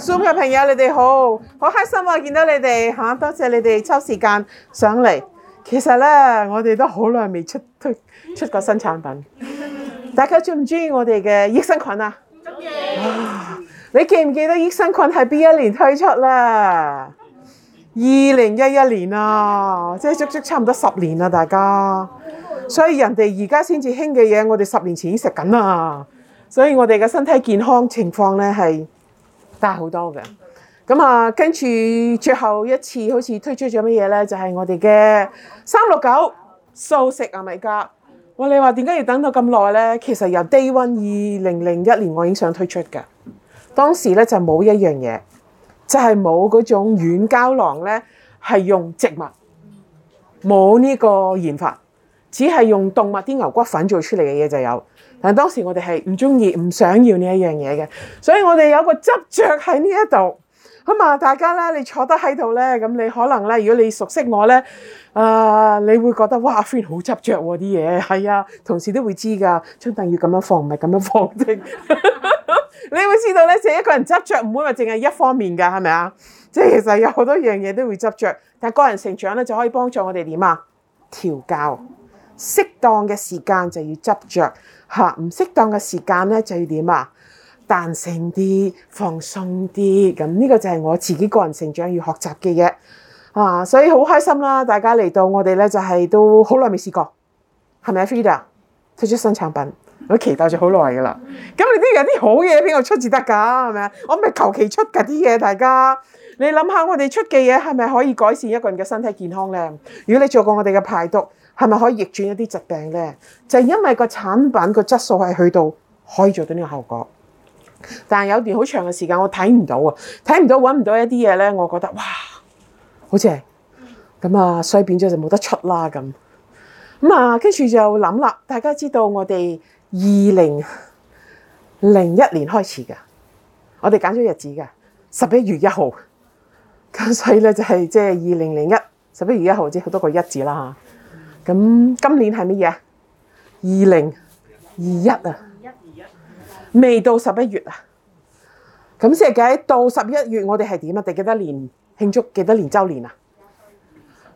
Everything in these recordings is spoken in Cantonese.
Zoom 嘅朋友，你哋好，好開心啊！見到你哋嚇，多謝你哋抽時間上嚟。其實咧，我哋都好耐未出出出過新產品。大家中唔中意我哋嘅益生菌啊？中意。你記唔記得益生菌係邊一年推出啦？二零一一年啊，即係足足差唔多十年啦，大家。所以人哋而家先至興嘅嘢，我哋十年前已經食緊啦。所以我哋嘅身體健康情況咧係。但好多嘅咁啊，跟住最後一次好似推出咗乜嘢咧？就係、是、我哋嘅三六九素食阿、啊、米加。哇！你話點解要等到咁耐咧？其實由 day one 二零零一年我已經想推出嘅，當時咧就冇一樣嘢，就係冇嗰種軟膠囊咧，係用植物冇呢個研發，只係用動物啲牛骨粉做出嚟嘅嘢就有。但當時我哋係唔中意、唔想要呢一樣嘢嘅，所以我哋有個執着喺呢一度。咁啊，大家咧，你坐得喺度咧，咁你可能咧，如果你熟悉我咧，啊、呃，你會覺得哇，friend 好執着喎、啊，啲嘢，係啊，同事都會知㗎，張凳要咁樣放唔係咁樣放嘅。 你會知道咧，即係一個人執着唔會話淨係一方面㗎，係咪啊？即係其實有好多樣嘢都會執着，但個人成長咧就可以幫助我哋點啊？調教適當嘅時間就要執着。吓，唔適當嘅時間咧就要點啊？彈性啲，放鬆啲，咁呢個就係我自己個人成長要學習嘅嘢啊！所以好開心啦，大家嚟到我哋咧就係都好耐未試過，係咪啊？Frida 推出新產品，我都期待咗好耐噶啦。咁你都有啲好嘢畀我出至得㗎？係咪啊？我咪求其出㗎啲嘢，大家你諗下我哋出嘅嘢係咪可以改善一個人嘅身體健康咧？如果你做過我哋嘅排毒。係咪可以逆轉一啲疾病咧？就係因為個產品個質素係去到可以做到呢個效果，但係有段好長嘅時間我睇唔到啊，睇唔到揾唔到一啲嘢咧，我覺得哇，好似係咁啊，衰變咗就冇得出啦咁咁啊，跟住就諗啦。大家知道我哋二零零一年開始嘅，我哋揀咗日子嘅十一月一號咁，所以咧就係即係二零零一十一月一號，即係好多個一字啦吓咁今年係乜嘢？二零二一啊，未到十一月啊。咁即係計到十一月，月我哋係點啊？第幾多年慶祝幾多年周年啊？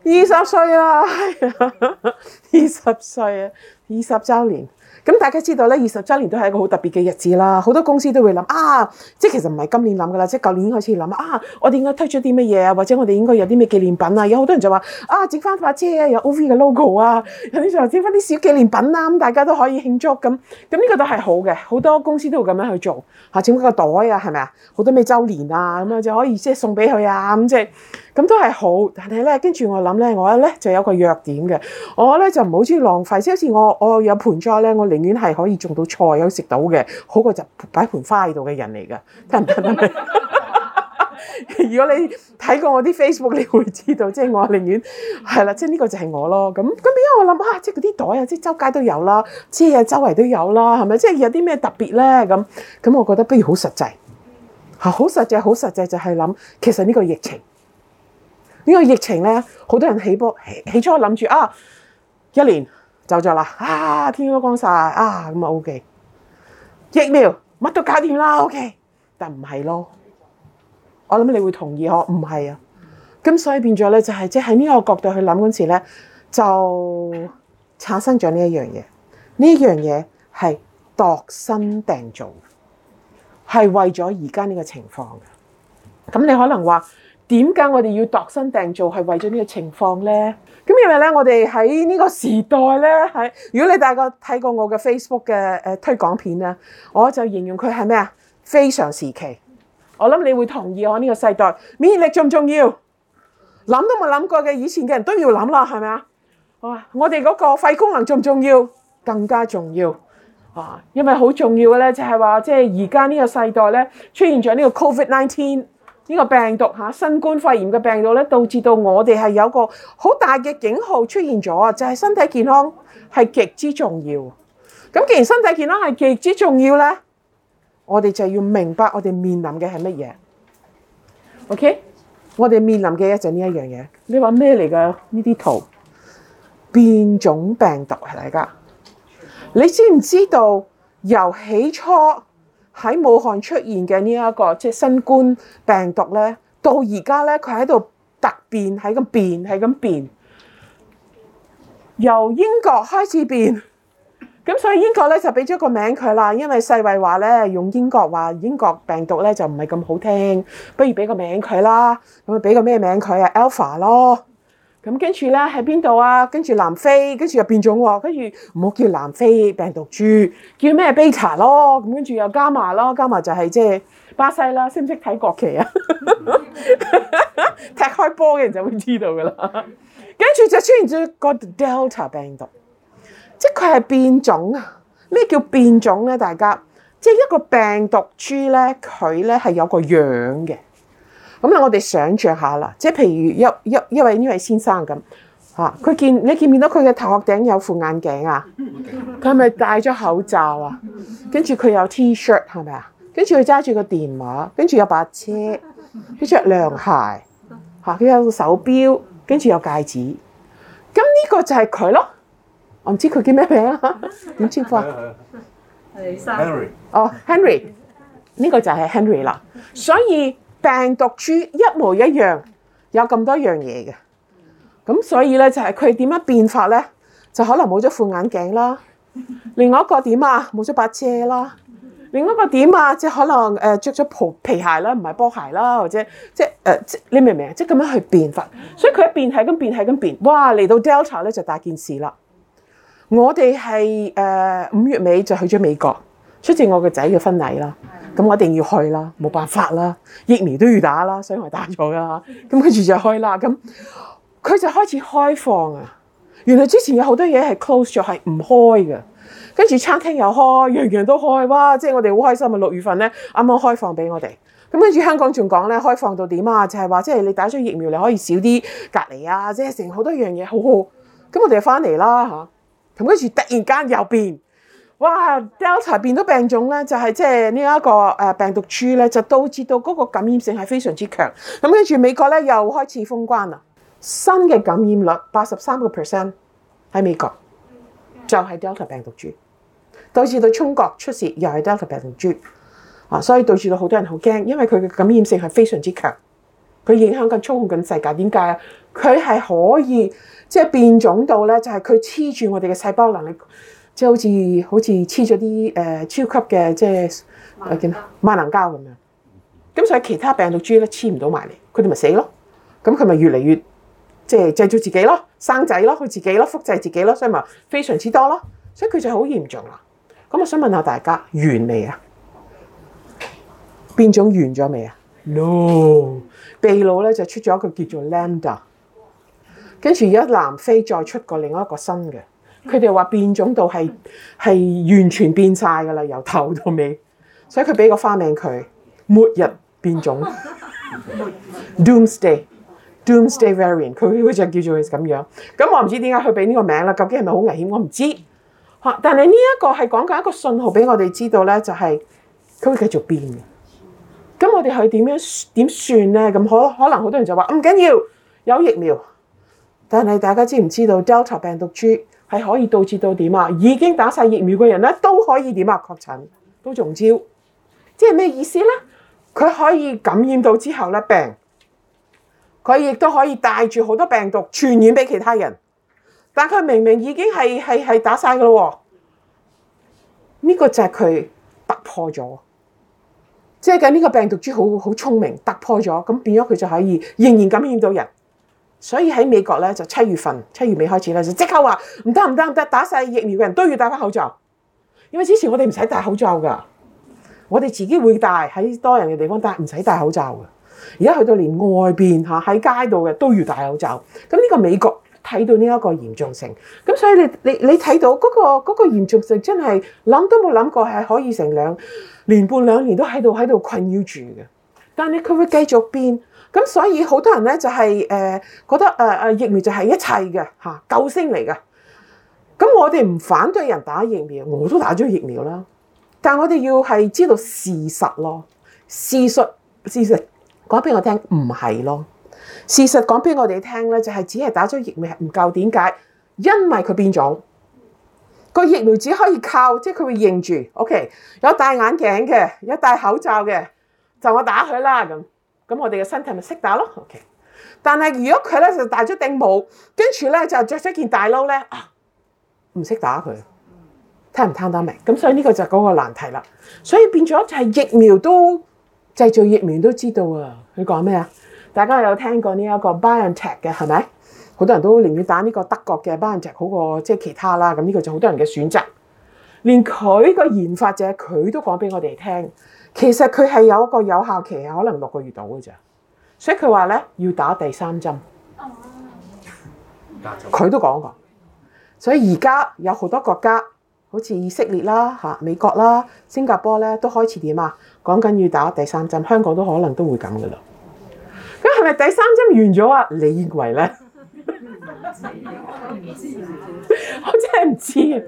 二十歲啦，二十歲,歲，二十周年。咁大家知道咧，二十周年都係一個好特別嘅日子啦。好多公司都會諗啊，即係其實唔係今年諗噶啦，即係舊年已經開始諗啊。我哋應該推出啲乜嘢啊？或者我哋應該有啲咩紀念品啊？有好多人就話啊，整翻把車啊，有 OV 嘅 logo 啊，有啲就話整翻啲小紀念品啊，咁大家都可以慶祝咁。咁呢個都係好嘅，好多公司都會咁樣去做嚇，整翻個袋啊，係咪啊？好多咩周年啊，咁樣就可以即係送俾佢啊，咁即係咁都係好，但係咧，跟住我諗咧，我咧就有一個弱點嘅，我咧就唔好中意浪費。即好似我我有盆栽咧，我寧願係可以種到菜有食到嘅，好過就擺盆花喺度嘅人嚟㗎，得唔得？行行行行 如果你睇過我啲 Facebook，你會知道，即、就、係、係、我寧願係啦、就係啊，即係呢個就係我咯。咁咁，點解我諗啊，即係嗰啲袋啊，即係周街都有啦，即係啊周圍都有啦，係咪？即係有啲咩特別咧？咁咁，我覺得不如好實際，嚇、啊、好實際好實際就係諗，其實呢個疫情。呢個疫情咧，好多人起波，起初諗住啊，一年走咗啦，啊天都光晒，啊，咁啊 OK。疫苗乜都搞掂啦，OK。但唔係咯，我諗你會同意呵，唔係啊。咁所以變咗咧、就係，就係即係喺呢個角度去諗嗰陣時咧，就產生咗呢一樣嘢。呢樣嘢係度身訂造，係為咗而家呢個情況嘅。咁你可能話，點解我哋要度身訂造係為咗呢個情況咧？咁因為咧，我哋喺呢個時代咧，如果你大概睇過我嘅 Facebook 嘅誒推廣片啦，我就形容佢係咩啊？非常時期，我諗你會同意我呢個世代免疫力重唔重要？諗都冇諗過嘅，以前嘅人都要諗啦，係咪啊？我哋嗰個肺功能重唔重要？更加重要啊！因為好重要嘅咧，就係話即係而家呢個世代咧，出現咗呢個 COVID-19。呢、這個病毒嚇新冠肺炎嘅病毒咧，導致到我哋係有一個好大嘅警號出現咗啊！就係、是、身體健康係極之重要。咁既然身體健康係極之重要咧，我哋就要明白我哋面臨嘅係乜嘢。OK，我哋面臨嘅就係呢一樣嘢。你話咩嚟㗎？呢啲圖變種病毒係大家，你知唔知道由起初？喺武漢出現嘅呢一個即係新冠病毒咧，到而家咧佢喺度突變，喺咁變，喺咁變，由英國開始變，咁所以英國咧就俾咗個名佢啦。因為世衞話咧用英國話英國病毒咧就唔係咁好聽，不如俾個名佢啦。咁咪俾個咩名佢啊？Alpha 咯。咁跟住咧喺邊度啊？跟住南非，跟住又變種喎，啊。跟住唔好叫南非病毒株，叫咩 Beta 咯。咁跟住又加埋咯，加埋就係即係巴西啦。識唔識睇國旗啊？ 踢開波嘅人就會知道噶啦。跟住就出現咗個 Delta 病毒，即係佢係變種啊。咩叫變種咧？大家即係一個病毒株咧，佢咧係有個樣嘅。咁我哋想象下啦，即係譬如一一一位呢位先生咁，嚇佢見你見唔見到佢嘅頭殼頂有副眼鏡啊？佢係咪戴咗口罩啊？跟住佢有 T-shirt 係咪啊？跟住佢揸住個電話，跟住有把車，佢著有涼鞋，嚇佢有個手錶，跟住有戒指。咁呢個就係佢咯，我唔知佢叫咩名啊？點稱呼啊？係 Henry。Oh，哦，Henry，呢個就係 Henry 啦。所以。病毒株一模一樣，有咁多樣嘢嘅，咁所以咧就係佢點樣變法咧，就可能冇咗副眼鏡啦，另外一個點啊，冇咗把遮啦，另外一個點啊，即係可能誒著咗皮鞋啦，唔係波鞋啦，或者即係誒、呃，你明唔明啊？即係咁樣去變法，所以佢一變係咁變係咁變，哇！嚟到 Delta 咧就大件事啦。我哋係誒五月尾就去咗美國，出席我個仔嘅婚禮啦。咁我一定要去啦，冇辦法啦，疫苗都要打啦，所以我打咗噶啦。咁跟住就開啦，咁佢就開始開放啊。原來之前有好多嘢係 close 咗，係唔開㗎。跟住餐廳又開，樣樣都開哇！即係我哋好開心啊。六月份咧，啱啱開放俾我哋。咁跟住香港仲講咧，開放到點啊？就係話即係你打咗疫苗，你可以少啲隔離啊，即係成好多樣嘢好好。咁我哋又翻嚟啦嚇，啊，跟住突然間又變。哇！Delta 變咗病種咧，就係即係呢一個誒病毒株咧，就導致到嗰個感染性係非常之強。咁跟住美國咧又開始封關啦。新嘅感染率八十三個 percent 喺美國，就係 Delta 病毒株，導致到中國出事又係 Delta 病毒株啊！所以導致到好多人好驚，因為佢嘅感染性係非常之強，佢影響緊操控緊世界。點解啊？佢係可以即係變種到咧，就係佢黐住我哋嘅細胞能力。即係好似好似黐咗啲誒超級嘅即係見啊萬能膠咁啊！咁所以其他病毒株咧黐唔到埋嚟，佢哋咪死咯。咁佢咪越嚟越即係製造自己咯、生仔咯、佢自己咯、複製自己咯，所以咪非常之多咯。所以佢就好嚴重啦。咁我想問下大家完未啊？變種完咗未啊？No， 秘魯咧就出咗一個叫做 Lambda 跟住而家南非再出過另外一個新嘅。佢哋話變種到係係完全變晒㗎啦，由頭到尾，所以佢俾個花名佢，末日變種 Doomsday Doomsday variant，佢好似叫做係咁樣。咁我唔知點解佢俾呢個名啦，究竟係咪好危險，我唔知嚇。但係呢一個係講緊一個信號俾我哋知道咧，就係、是、佢會繼續變嘅。咁我哋係點樣點算咧？咁可可能好多人就話唔緊要有疫苗，但係大家知唔知道 Delta 病毒株？係可以導致到點啊？已經打晒疫苗嘅人咧，都可以點啊？確診都中招，即係咩意思咧？佢可以感染到之後咧病，佢亦都可以帶住好多病毒傳染俾其他人。但佢明明已經係係係打晒嘅咯，呢個就係佢突破咗。即係嘅呢個病毒株好好聰明，突破咗咁變咗佢就可以仍然感染到人。所以喺美國咧就七月份、七月尾開始咧就即刻話唔得唔得唔得，打晒疫苗嘅人都要戴翻口罩，因為之前我哋唔使戴口罩㗎，我哋自己會戴喺多人嘅地方戴，唔使戴口罩㗎。而家去到連外邊吓喺街度嘅都要戴口罩。咁呢個美國睇到呢一個嚴重性，咁所以你你你睇到嗰個嗰個嚴重性真係諗都冇諗過係可以成兩年半兩年都喺度喺度困擾住嘅。但係你佢會繼續變。咁所以好多人咧就係誒覺得誒誒疫苗就係一切嘅嚇救星嚟嘅。咁我哋唔反對人打疫苗，我都打咗疫苗啦。但係我哋要係知道事實咯，事實事實講俾我聽唔係咯。事實講俾我哋聽咧，就係、是、只係打咗疫苗係唔夠。點解？因為佢變種個疫苗只可以靠，即係佢會認住。OK，有戴眼鏡嘅，有戴口罩嘅，就我打佢啦咁。咁我哋嘅身體咪識打咯，OK。但係如果佢咧就戴咗頂帽，跟住咧就着咗件大褸咧，啊、唔識打佢，聽唔聽得明？咁所以呢個就係嗰個難題啦。所以變咗就係疫苗都製造疫苗都知道啊。你講咩啊？大家有聽過呢一個 BioNTech 嘅係咪？好多人都寧願打呢個德國嘅 BioNTech 好過即係其他啦。咁呢個就好多人嘅選擇。連佢個研發者佢都講俾我哋聽。其實佢係有一個有效期，可能六個月到嘅咋。所以佢話咧要打第三針，佢都講過。所以而家有好多國家，好似以色列啦、吓美國啦、新加坡咧都開始點啊，講緊要打第三針，香港都可能都會咁嘅啦。咁係咪第三針完咗啊？你認為咧？我 真係唔知嘅。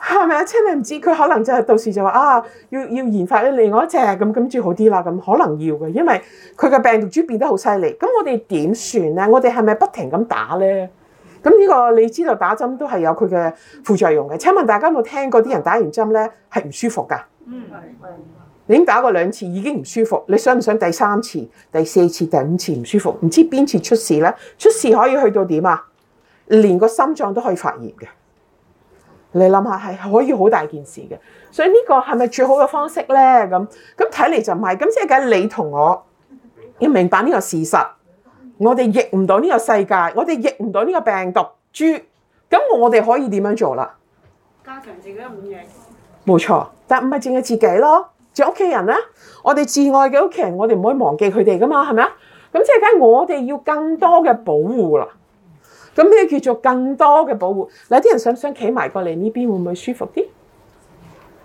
係咪啊？請你唔知佢可能就係到時就話啊，要要研發啲另外一隻咁咁住好啲啦。咁可能要嘅，因為佢嘅病毒株變得好犀利。咁我哋點算咧？我哋係咪不停咁打咧？咁呢個你知道打針都係有佢嘅副作用嘅。請問大家有冇聽過啲人打完針咧係唔舒服噶？嗯，係係。你打過兩次已經唔舒服，你想唔想第三次、第四次、第五次唔舒服？唔知邊次出事咧？出事可以去到點啊？連個心臟都可以發炎嘅。你諗下係可以好大件事嘅，所以呢個係咪最好嘅方式咧？咁咁睇嚟就唔係，咁即係梗係你同我要明白呢個事實，我哋逆唔到呢個世界，我哋逆唔到呢個病毒株，咁我哋可以點樣做啦？加強自己嘅掩影。冇錯，但唔係淨係自己咯，仲有屋企人咧。我哋至愛嘅屋企人，我哋唔可以忘記佢哋㗎嘛，係咪啊？咁即係梗係我哋要更多嘅保護啦。咁咩叫做更多嘅保護？有啲人想唔想企埋過嚟呢邊，會唔會舒服啲？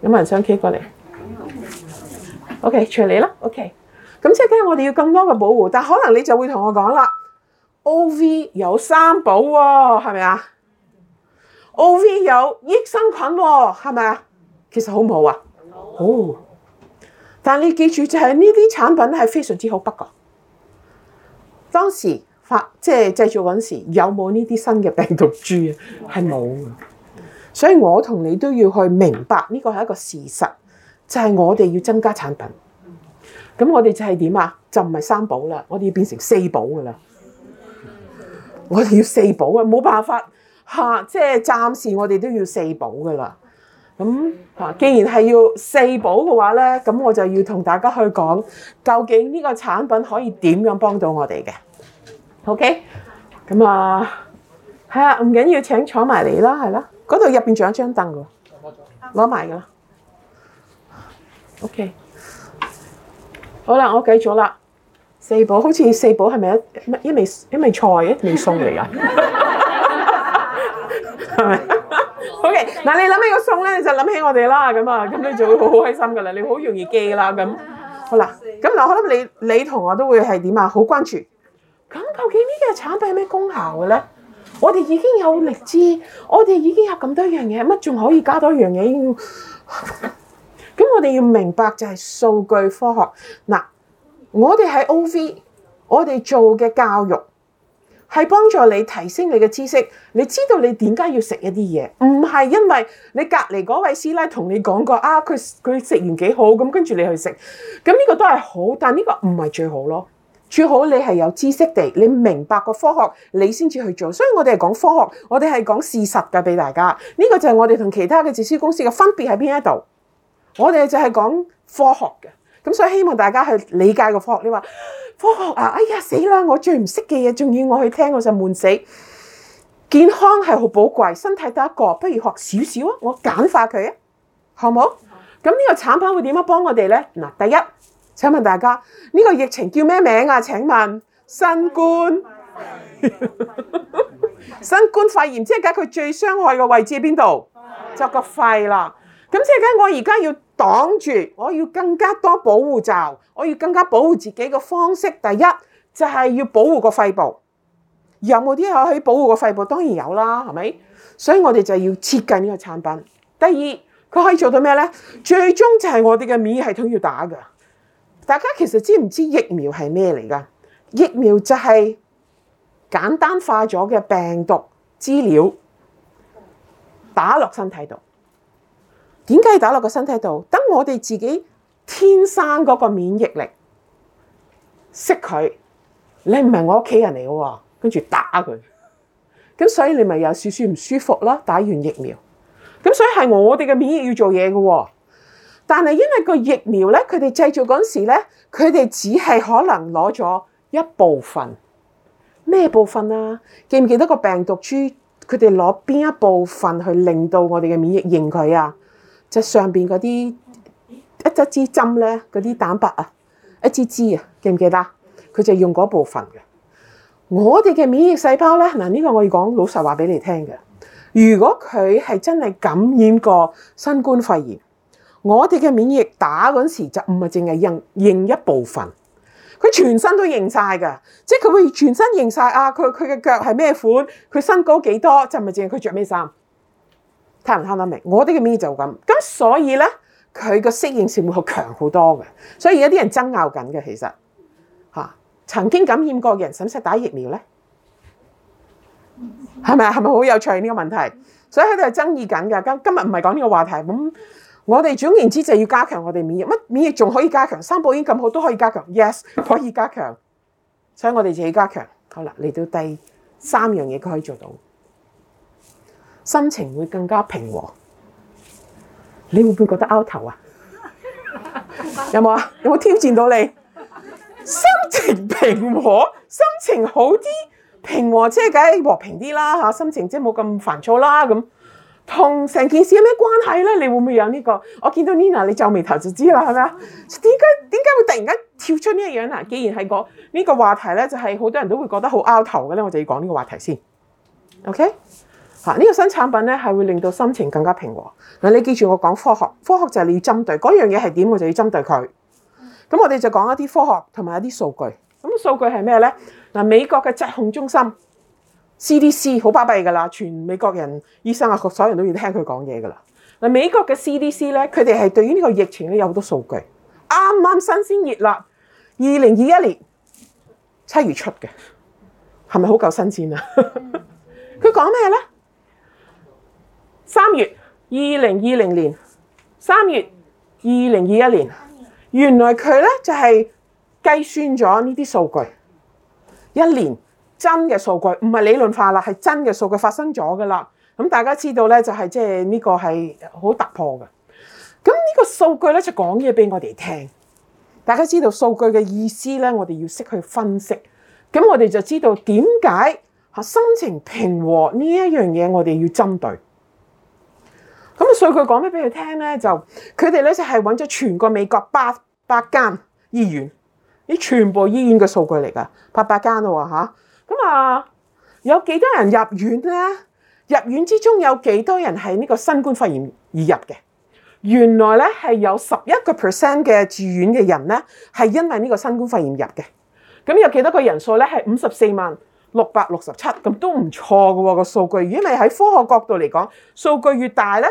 有冇人想企過嚟？OK，除你啦。OK，咁、okay. 即係我哋要更多嘅保護，但可能你就會同我講啦。OV 有三寶喎，係咪啊？OV 有益生菌喎，係咪啊？其實好唔好啊？好，哦。但你記住，就係呢啲產品係非常之好不，不過當時。法即係製造嗰陣時，有冇呢啲新嘅病毒株啊？係冇嘅，所以我同你都要去明白呢個係一個事實，就係我哋要增加產品。咁我哋就係點啊？就唔係三保啦，我哋要變成四保噶啦。我哋要四保啊，冇辦法嚇，即係暫時我哋都要四保噶啦。咁啊，既然係要四保嘅話咧，咁我就要同大家去講，究竟呢個產品可以點樣幫到我哋嘅？OK，咁啊，係 啊樂，唔緊要，請坐埋你啦，係啦，嗰度入邊仲有一張凳噶，攞埋噶啦。OK，好啦，我計咗啦，四寶，好似四寶係咪一咩？一味一味菜，一味餸嚟噶。係咪？OK，嗱，你諗起個餸咧，你就諗起我哋啦。咁啊，咁你就會好好開心噶啦，你好容易記啦。咁好啦，咁嗱，可能你你同學都會係點啊？好關注。咁究竟呢個產品有咩功效嘅咧？我哋已經有荔枝，我哋已經有咁多樣嘢，乜仲可以加多一樣嘢？咁 我哋要明白就係數據科學。嗱，我哋喺 OV，我哋做嘅教育係幫助你提升你嘅知識。你知道你點解要食一啲嘢，唔係因為你隔離嗰位師奶同你講過啊，佢佢食完幾好，咁跟住你去食。咁呢個都係好，但呢個唔係最好咯。最好你係有知識地，你明白個科學，你先至去做。所以我哋係講科學，我哋係講事實嘅俾大家。呢個就係我哋同其他嘅自銷公司嘅分別喺邊一度。我哋就係講科學嘅，咁所以希望大家去理解個科，科學。你話科學啊，哎呀死啦！我最唔識嘅嘢，仲要我去聽，我就悶死。健康係好寶貴，身體得一個，不如學少少啊！我簡化佢啊，好冇？咁呢個產品會點樣幫我哋咧？嗱，第一。請問大家呢個疫情叫咩名啊？請問新冠 新冠肺炎，即係解佢最傷害嘅位置喺邊度？ 就個肺啦。咁即係解我而家要擋住，我要更加多保護罩，我要更加保護自己嘅方式。第一就係要保護個肺部，有冇啲可以保護個肺部？當然有啦，係咪？所以我哋就要設計呢個產品。第二佢可以做到咩咧？最終就係我哋嘅免疫系統要打噶。大家其實知唔知疫苗係咩嚟㗎？疫苗就係簡單化咗嘅病毒資料打落身體度。點解打落個身體度？等我哋自己天生嗰個免疫力識佢。你唔係我屋企人嚟嘅，跟住打佢。所以你咪有少少唔舒服，打完疫苗，所以係我哋嘅免疫要做嘢嘅。但係因為個疫苗咧，佢哋製造嗰陣時咧，佢哋只係可能攞咗一部分，咩部分啊？記唔記得個病毒株？佢哋攞邊一部分去令到我哋嘅免疫應佢啊？即係上邊嗰啲一針支針咧，嗰啲蛋白啊，一支支啊，記唔記得？佢就用嗰部分嘅。我哋嘅免疫細胞咧，嗱，呢個我要講老實話俾你聽嘅，如果佢係真係感染過新冠肺炎。我哋嘅免疫打嗰時就唔係淨係認認一部分，佢全身都認晒噶，即係佢會全身認晒啊！佢佢嘅腳係咩款，佢身高幾多，就唔係淨係佢着咩衫？睇唔睇得明？我哋嘅免疫就咁，咁所以咧佢個適應性會好強好多嘅，所以而家啲人爭拗緊嘅，其實吓、啊，曾經感染過嘅人使唔使打疫苗咧？係咪啊？係咪好有趣呢個問題？所以喺度係爭議緊嘅。今今日唔係講呢個話題咁。嗯我哋總言之就要加強我哋免疫。乜免疫仲可以加強？三寶已經咁好都可以加強，yes 可以加強。所以我哋自己加強。好啦，嚟到第三樣嘢都可以做到，心情會更加平和。你會唔會覺得 out 頭啊？ 有冇啊？有冇挑戰到你？心情平和，心情好啲，平和即係梗係和平啲啦吓，心情即係冇咁煩躁啦咁。那麼同成件事有咩關係咧？你會唔會有呢個？我見到 Nina 你皺眉頭就知啦，係咪啊？點解點解會突然間跳出呢一樣嗱？既然係講呢個話題咧，就係好多人都會覺得好拗頭嘅咧，我就要講呢個話題先。OK，嚇呢個新產品咧係會令到心情更加平和。嗱，你記住我講科學，科學就係你要針對嗰樣嘢係點，我就要針對佢。咁我哋就講一啲科學同埋一啲數據。咁數據係咩咧？嗱，美國嘅疾控中心。CDC 好巴閉噶啦，全美國人、醫生啊，所有人都要聽佢講嘢噶啦。嗱，美國嘅 CDC 咧，佢哋係對於呢個疫情咧有好多數據，啱啱新鮮熱辣，二零二一年七月出嘅，係咪好夠新鮮啊？佢講咩咧？三月二零二零年，三月二零二一年，原來佢咧就係計算咗呢啲數據一年。真嘅數據唔係理論化啦，係真嘅數據發生咗噶啦。咁大家知道咧，就係即係呢個係好突破嘅。咁呢個數據咧就講嘢俾我哋聽。大家知道數據嘅意思咧，我哋要識去分析。咁我哋就知道點解嚇心情平和呢一樣嘢，我哋要針對數據。咁數據講咩俾佢聽咧？就佢哋咧就係揾咗全個美國八百間醫院，啲全部醫院嘅數據嚟噶，八百間啊！嚇～咁啊，有幾多人入院咧？入院之中有幾多人係呢個新冠肺炎而入嘅？原來咧係有十一個 percent 嘅住院嘅人咧係因為呢個新冠肺炎入嘅。咁有幾多個人數咧？係五十四萬六百六十七，咁都唔錯㗎喎個數據。如果你喺科學角度嚟講，數據越大咧，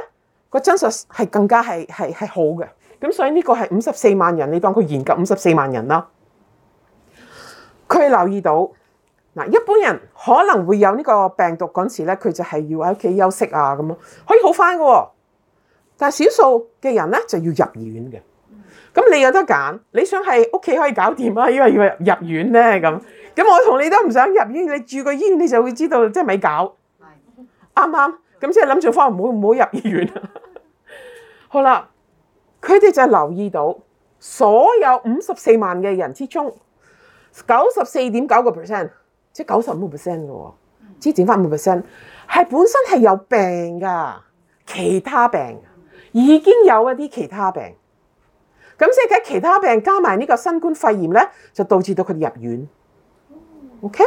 嗰個真實係更加係係係好嘅。咁所以呢個係五十四萬人，你當佢研究五十四萬人啦。佢留意到。嗱，一般人可能會有呢個病毒嗰陣時咧，佢就係要喺屋企休息啊，咁咯，可以好翻嘅。但係少數嘅人咧就要入院嘅。咁你有得揀，你想係屋企可以搞掂啊，因為要入院咧咁。咁我同你都唔想入院，你住個醫院你就會知道即係咪搞？啱啱咁即係諗住翻，唔好唔好入醫院。 好啦，佢哋就留意到所有五十四萬嘅人之中，九十四點九個 percent。即係九十五個 percent 嘅，只係整翻五 percent，係本身係有病噶，其他病已經有一啲其他病，咁即係其他病加埋呢個新冠肺炎咧，就導致到佢哋入院。OK，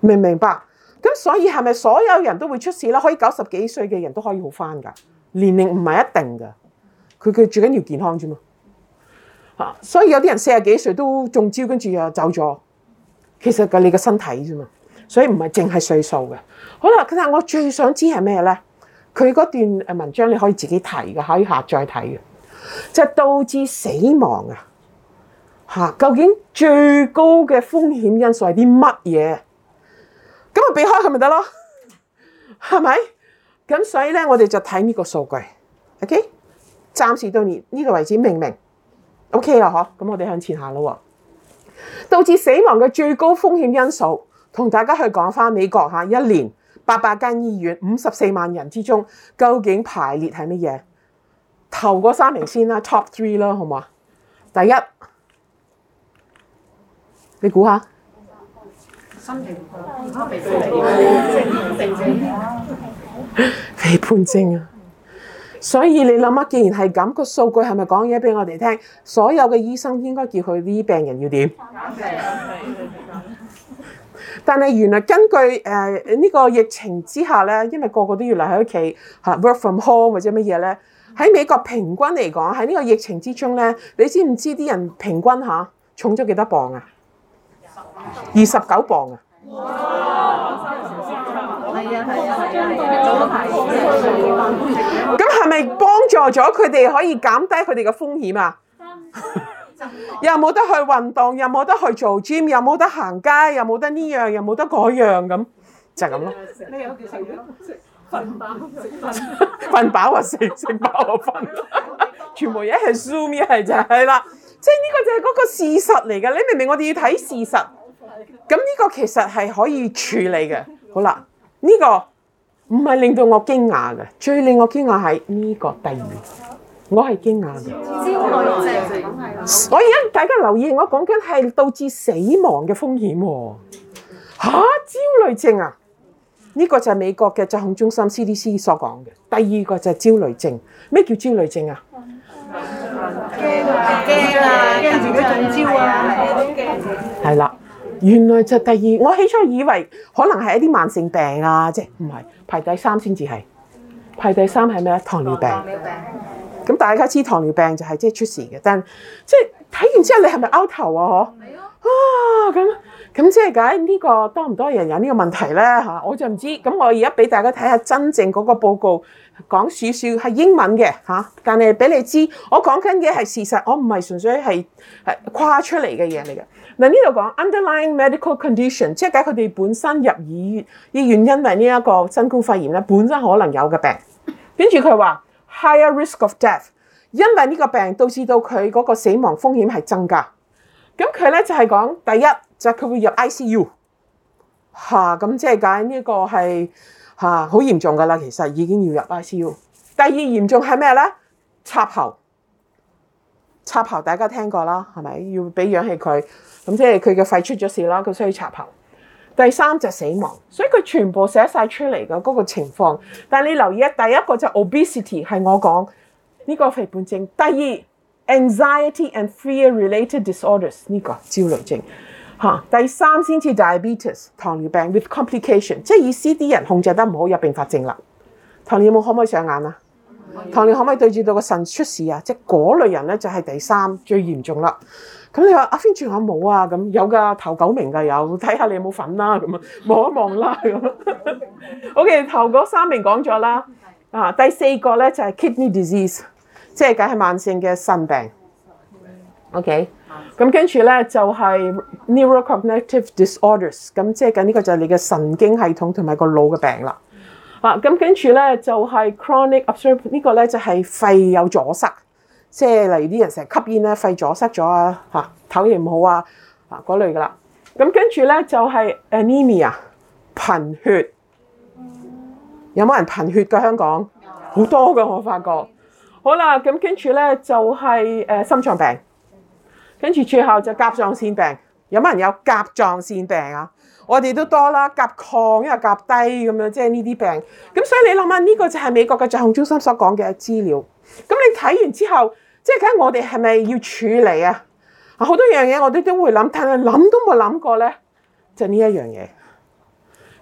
明唔明白？咁所以係咪所有人都會出事咧？可以九十幾歲嘅人都可以好翻噶，年齡唔係一定噶，佢佢最緊要健康啫嘛。啊，所以有啲人四十幾歲都中招，跟住就走咗。其實嘅你個身體啫嘛，所以唔係淨係歲數嘅。好啦，其實我最想知係咩咧？佢嗰段誒文章你可以自己睇嘅，可以下載睇嘅，即係導致死亡啊！吓，究竟最高嘅風險因素係啲乜嘢？咁啊，避開佢咪得咯？係咪？咁所以咧，我哋就睇呢個數據。OK，暫時到呢呢個位置明唔明？OK 啦，嗬，咁我哋向前下啦導致死亡嘅最高風險因素，同大家去講翻美國吓，一年八百間醫院五十四萬人之中，究竟排列係乜嘢？頭嗰三名先啦，top three 啦，好嘛？第一，你估下？肥胖症啊！所以你諗下，既然係咁，個數據係咪講嘢俾我哋聽？所有嘅醫生應該叫佢啲病人要點？但係原來根據誒呢個疫情之下咧，因為個個都要留喺屋企嚇 work from home 或者乜嘢咧，喺美國平均嚟講喺呢個疫情之中咧，你知唔知啲人平均嚇重咗幾多磅，磅，十磅 啊？二十九磅啊！係啊係啊！係咪幫助咗佢哋可以減低佢哋嘅風險啊？又冇 得去運動，又冇得去做 gym，又冇得行街，又冇得呢樣，又冇得嗰樣，咁就係咁咯。你又食咗？食瞓飽，瞓飽 啊！食食飽瞓，啊、 全部嘢係 Zoom 一係就係啦。即係呢個就係嗰個事實嚟嘅。你明唔明？我哋要睇事實。咁呢個其實係可以處理嘅。好啦，呢、呢個。唔係令到我驚訝嘅，最令我驚訝係呢個第二，我係驚訝嘅。焦慮症，我而家大家留意，我講緊係導致死亡嘅風險喎。嚇，焦慮症啊？呢個就係美國嘅疾控中心 CDC 所講嘅。第二個就係焦慮症，咩叫焦慮症啊？驚啊！驚啊！驚自己中招啊！係啦。原來就第二，我起初以為可能係一啲慢性病啊，即係唔係排第三先至係，排第三係咩咧？糖尿病。糖尿病。咁大家知糖尿病就係即係出事嘅，但即係睇完之後你係咪勾頭啊？嗬？啊咁咁即係解呢個多唔多人有呢個問題咧？嚇，我就唔知。咁我而家俾大家睇下真正嗰個報告，講少少係英文嘅嚇，但係俾你知，我講緊嘅係事實，我唔係純粹係誒誇出嚟嘅嘢嚟嘅。嗱呢度講 underlying medical condition，即係解佢哋本身入醫醫院，因為呢一個新冠肺炎咧，本身可能有嘅病。跟住佢話 higher risk of death，因為呢個病導致到佢嗰個死亡風險係增加。咁佢咧就係、是、講第一就係、是、佢會入 ICU 吓、啊、咁即係解呢個係吓好嚴重噶啦，其實已經要入 ICU。第二嚴重係咩咧？插喉。插喉大家聽過啦，係咪？要俾氧氣佢，咁即係佢嘅肺出咗事啦，佢需要插喉。第三就死亡，所以佢全部寫晒出嚟嘅，嗰個情況。但係你留意啊，第一個就是 obesity 係我講呢、這個肥胖症，第二 anxiety and fear related disorders 呢、這個焦慮症，吓、啊，第三先至 diabetes 糖尿病 with complication，即係以 cd 人控制得唔好有併發症啦。糖尿學冇可唔可以上眼啊？糖尿可唔可以對住到個腎出事啊？即係嗰類人咧，就係第三最嚴重啦。咁你話阿飛轉下冇啊？咁有㗎，頭九名㗎，有，睇下你有冇份啦咁啊，望一望啦咁。 OK，頭嗰三名講咗啦。啊，第四個咧就係、是、kidney disease，即係梗係慢性嘅腎病。OK，咁跟住咧就係、是、neurocognitive disorders，咁即係緊呢個就係你嘅神經系統同埋個腦嘅病啦。啊，咁跟住咧就係、是、chronic obstructive 呢個咧就係肺有阻塞，即係例如啲人成日吸煙咧，肺阻塞咗啊，嚇，唞氣唔好啊，啊嗰類噶啦。咁跟住咧就係、是、anemia 貧血，有冇人貧血噶香港？好多噶我發覺。好啦，咁跟住咧就係、是、誒心臟病，跟住最後就是甲狀腺病，有冇人有甲狀腺病啊？我哋都多啦，甲亢，一係甲低咁樣，即係呢啲病。咁所以你諗下，呢個就係美國嘅疾控中心所講嘅資料。咁你睇完之後，即係睇下我哋係咪要處理啊？好多樣嘢我哋都會諗，但係諗都冇諗過咧，就呢一樣嘢。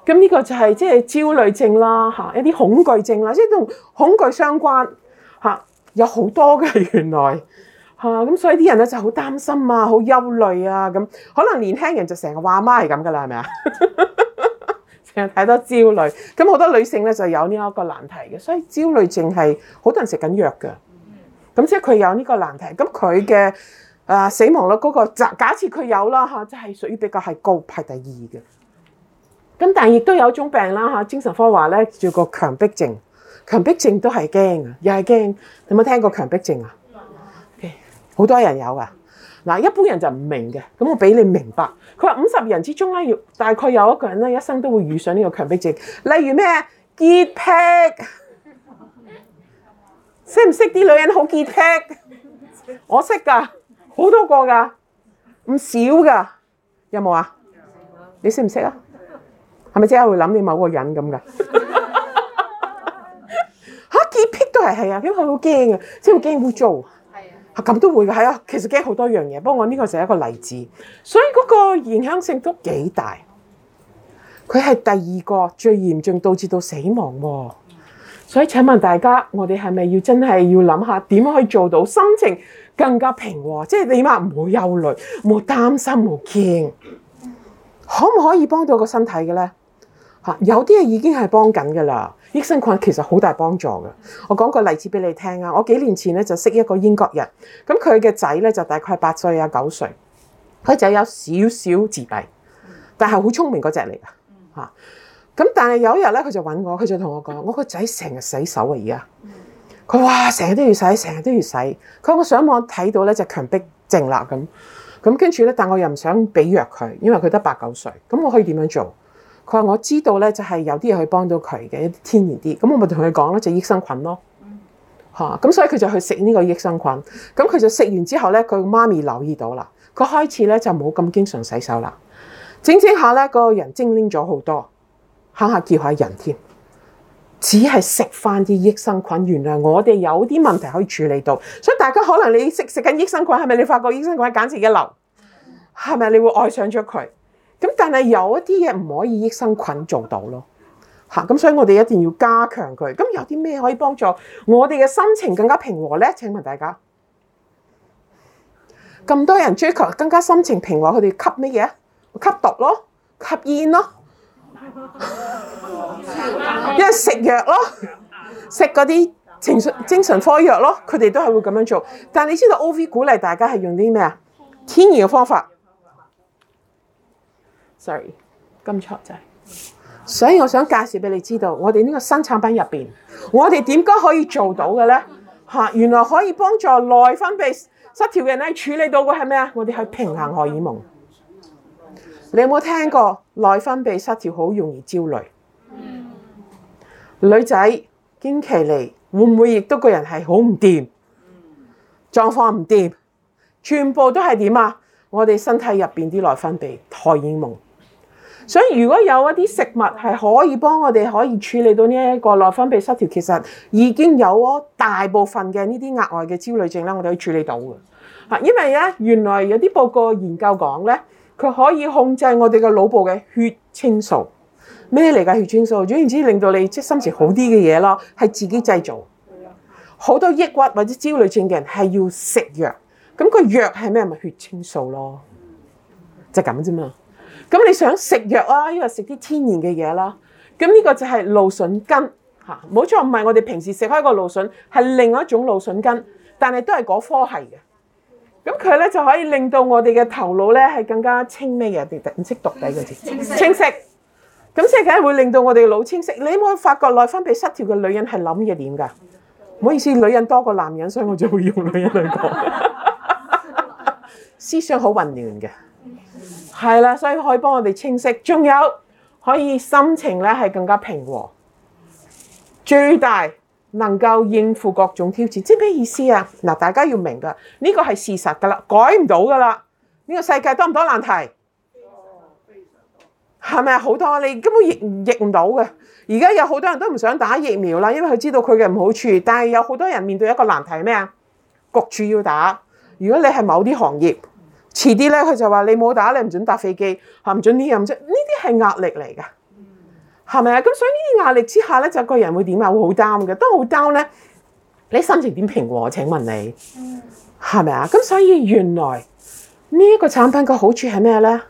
咁呢個就係即係焦慮症啦，吓一啲恐懼症啦，即係同恐懼相關吓，有好多嘅原來。嚇咁，所以啲人咧就好擔心啊，好憂慮啊，咁可能年輕人就成日話媽係咁噶啦，係咪啊？成日睇多焦慮，咁好多女性咧就有呢一個難題嘅，所以焦慮症係好多人食緊藥㗎。嗯，咁即係佢有呢個難題，咁佢嘅啊死亡率嗰個假設佢有啦嚇，即係屬於比較係高，係第二嘅。咁但係亦都有種病啦嚇，精神科話咧叫個強迫症，強迫症都係驚啊，又係驚。有冇聽過強迫症啊？好多人有噶，嗱，一般人就唔明嘅，咁我俾你明白。佢話五十人之中咧，要大概有一個人咧，一生都會遇上呢個強迫症。例如咩，潔癖，識唔識啲女人好潔癖？ 我識噶，好多個噶，唔少噶，有冇啊？你識唔識啊？係咪即刻會諗啲某個人咁噶？嚇，潔癖都係係啊，因為佢好驚啊，即係好驚污糟。咁都會嘅，係啊，其實驚好多樣嘢。不過我呢個就係一個例子，所以嗰個影響性都幾大。佢係第二個最嚴重，導致到死亡喎。所以請問大家，我哋係咪要真係要諗下點可以做到心情更加平和？即係起碼冇憂慮、冇擔心、冇驚，可唔可以幫到個身體嘅咧？嚇，有啲嘢已經係幫緊㗎啦。益生菌其實好大幫助嘅，我講個例子俾你聽啊！我幾年前咧就識一個英國人，咁佢嘅仔咧就大概八歲啊九歲，佢仔有少少自閉，但係好聰明嗰隻嚟噶嚇。咁但係有一日咧，佢就揾我，佢就同我講：我個仔成日洗手啊，而家佢哇成日都要洗，成日都要洗。佢我上網睇到咧就強迫症啦咁，咁跟住咧，但我又唔想俾藥佢，因為佢得八九歲，咁我可以點樣做？佢話我知道咧，就係有啲嘢去幫到佢嘅天然啲，咁我咪同佢講啦，就益生菌咯嚇，咁、嗯啊、所以佢就去食呢個益生菌，咁佢就食完之後咧，佢媽咪留意到啦，佢開始咧就冇咁經常洗手啦，整整下咧嗰個人精靈咗好多，下下叫下人添，只係食翻啲益生菌，原來我哋有啲問題可以處理到，所以大家可能你食食緊益生菌，係咪你發覺益生菌簡直一流，係咪你會愛上咗佢？但係有一啲嘢唔可以益生菌做到咯，吓，咁所以我哋一定要加強佢。咁有啲咩可以幫助我哋嘅心情更加平和咧？請問大家咁多人追求更加心情平和，佢哋吸乜嘢？吸毒咯，吸煙咯，因為食藥咯，食嗰啲情緒精神科藥咯，佢哋都係會咁樣做。但係你知道 OV 鼓勵大家係用啲咩啊？天然嘅方法。Sorry，咁錯仔，所以我想介紹俾你知道，我哋呢個新產品入邊，我哋點解可以做到嘅呢？嚇，原來可以幫助內分泌失調嘅人係處理到嘅係咩啊？我哋係平衡荷爾蒙。你有冇聽過內分泌失調好容易焦慮？嗯、女仔經期嚟會唔會亦都個人係好唔掂？嗯，狀況唔掂，全部都係點啊？我哋身體入邊啲內分泌荷爾蒙。所以如果有一啲食物係可以幫我哋可以處理到呢一個內分泌失調，其實已經有咯。大部分嘅呢啲額外嘅焦慮症啦。我哋可以處理到嘅。啊，因為咧原來有啲報告研究講咧，佢可以控制我哋嘅腦部嘅血清素咩嚟㗎？血清素總言之令到你即係心情好啲嘅嘢咯，係自己製造。好多抑鬱或者焦慮症嘅人係要食藥，咁個藥係咩？咪血清素咯，就咁啫嘛。咁你想食藥啊？呢個食啲天然嘅嘢啦。咁呢個就係蘆筍根吓，冇錯，唔係我哋平時食開個蘆筍，係另外一種蘆筍根，但係都係嗰科系嘅。咁佢咧就可以令到我哋嘅頭腦咧係更加清咩嘅？你唔識讀底嗰字。清晰。咁即係會令到我哋嘅腦清晰。你有冇發覺內分泌失調嘅女人係諗嘢點噶？唔好意思，女人多過男人，所以我就會用女人嚟講， 思想好混亂嘅。係啦，所以可以幫我哋清晰，仲有可以心情咧係更加平和，最大能夠應付各種挑戰。即係咩意思啊？嗱，大家要明噶，呢個係事實噶啦，改唔到噶啦。呢個世界多唔多難題？係咪好多？你根本疫唔到嘅。而家有好多人都唔想打疫苗啦，因為佢知道佢嘅唔好處。但係有好多人面對一個難題係咩啊？迫住要打。如果你係某啲行業。遲啲咧，佢就話你冇打，你唔准搭飛機，係唔准呢樣唔準，呢啲係壓力嚟噶，係咪啊？咁所以呢啲壓力之下咧，就個人會點啊？會好 down 嘅，都好 down 咧。你心情點平和？我請問你係咪啊？咁所以原來呢一個產品嘅好處係咩咧？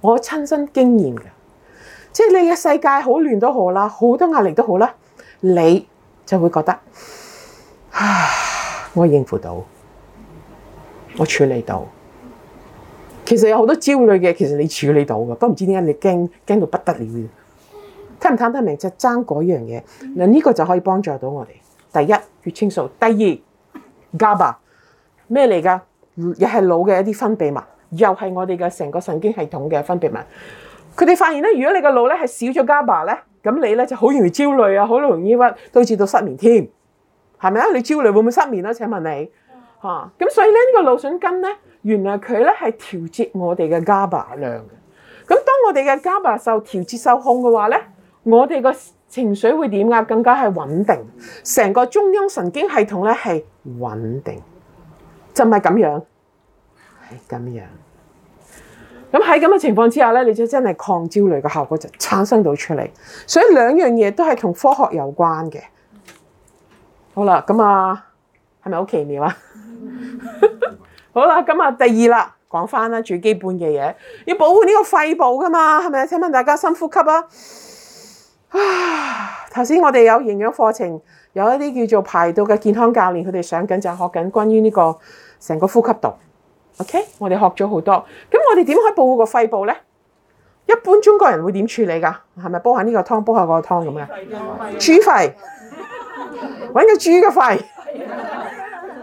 我的親身經驗嘅，即係你嘅世界好亂都好啦，好多壓力都好啦，你就會覺得，啊，我應付到，我處理到。其實有好多焦慮嘅，其實你處理到嘅，都唔知點解你驚驚到不得了。睇唔睇得明白就爭、是、嗰樣嘢。嗱，呢個就可以幫助到我哋。第一，血清素；第二加 a 咩嚟㗎？又係腦嘅一啲分泌物，又係我哋嘅成個神經系統嘅分泌物。佢哋發現咧，如果你個腦咧係少咗加 a b a 咧，咁你咧就好容易焦慮啊，好容易抑鬱，導致到失眠添，係咪啊？你焦慮會唔會失眠啊？請問你嚇？咁、嗯、所以咧呢、這個蘆筍根咧。原來佢咧係調節我哋嘅 GABA 量嘅，咁當我哋嘅 GABA 受調節受控嘅話咧，我哋個情緒會點啊？更加係穩定，成個中央神經系統咧係穩定，就係咁樣，係咁樣。咁喺咁嘅情況之下咧，你就真係抗焦慮嘅效果就產生到出嚟。所以兩樣嘢都係同科學有關嘅。好啦，咁啊，係咪好奇妙啊？ 好啦，咁啊，第二啦，講返啦，最基本嘅嘢，要保護呢個肺部㗎嘛，係咪？請問大家深呼吸啊！頭先我哋有營養課程，有一啲叫做排到嘅健康教練，佢哋上緊就學緊關於呢個成個呼吸道。OK，我哋學咗好多。咁我哋點可以保護個肺部咧？一般中國人會點處理㗎？係咪煲下呢個湯，煲下嗰個湯咁嘅？豬、嗯、肺，搵個豬嘅肺，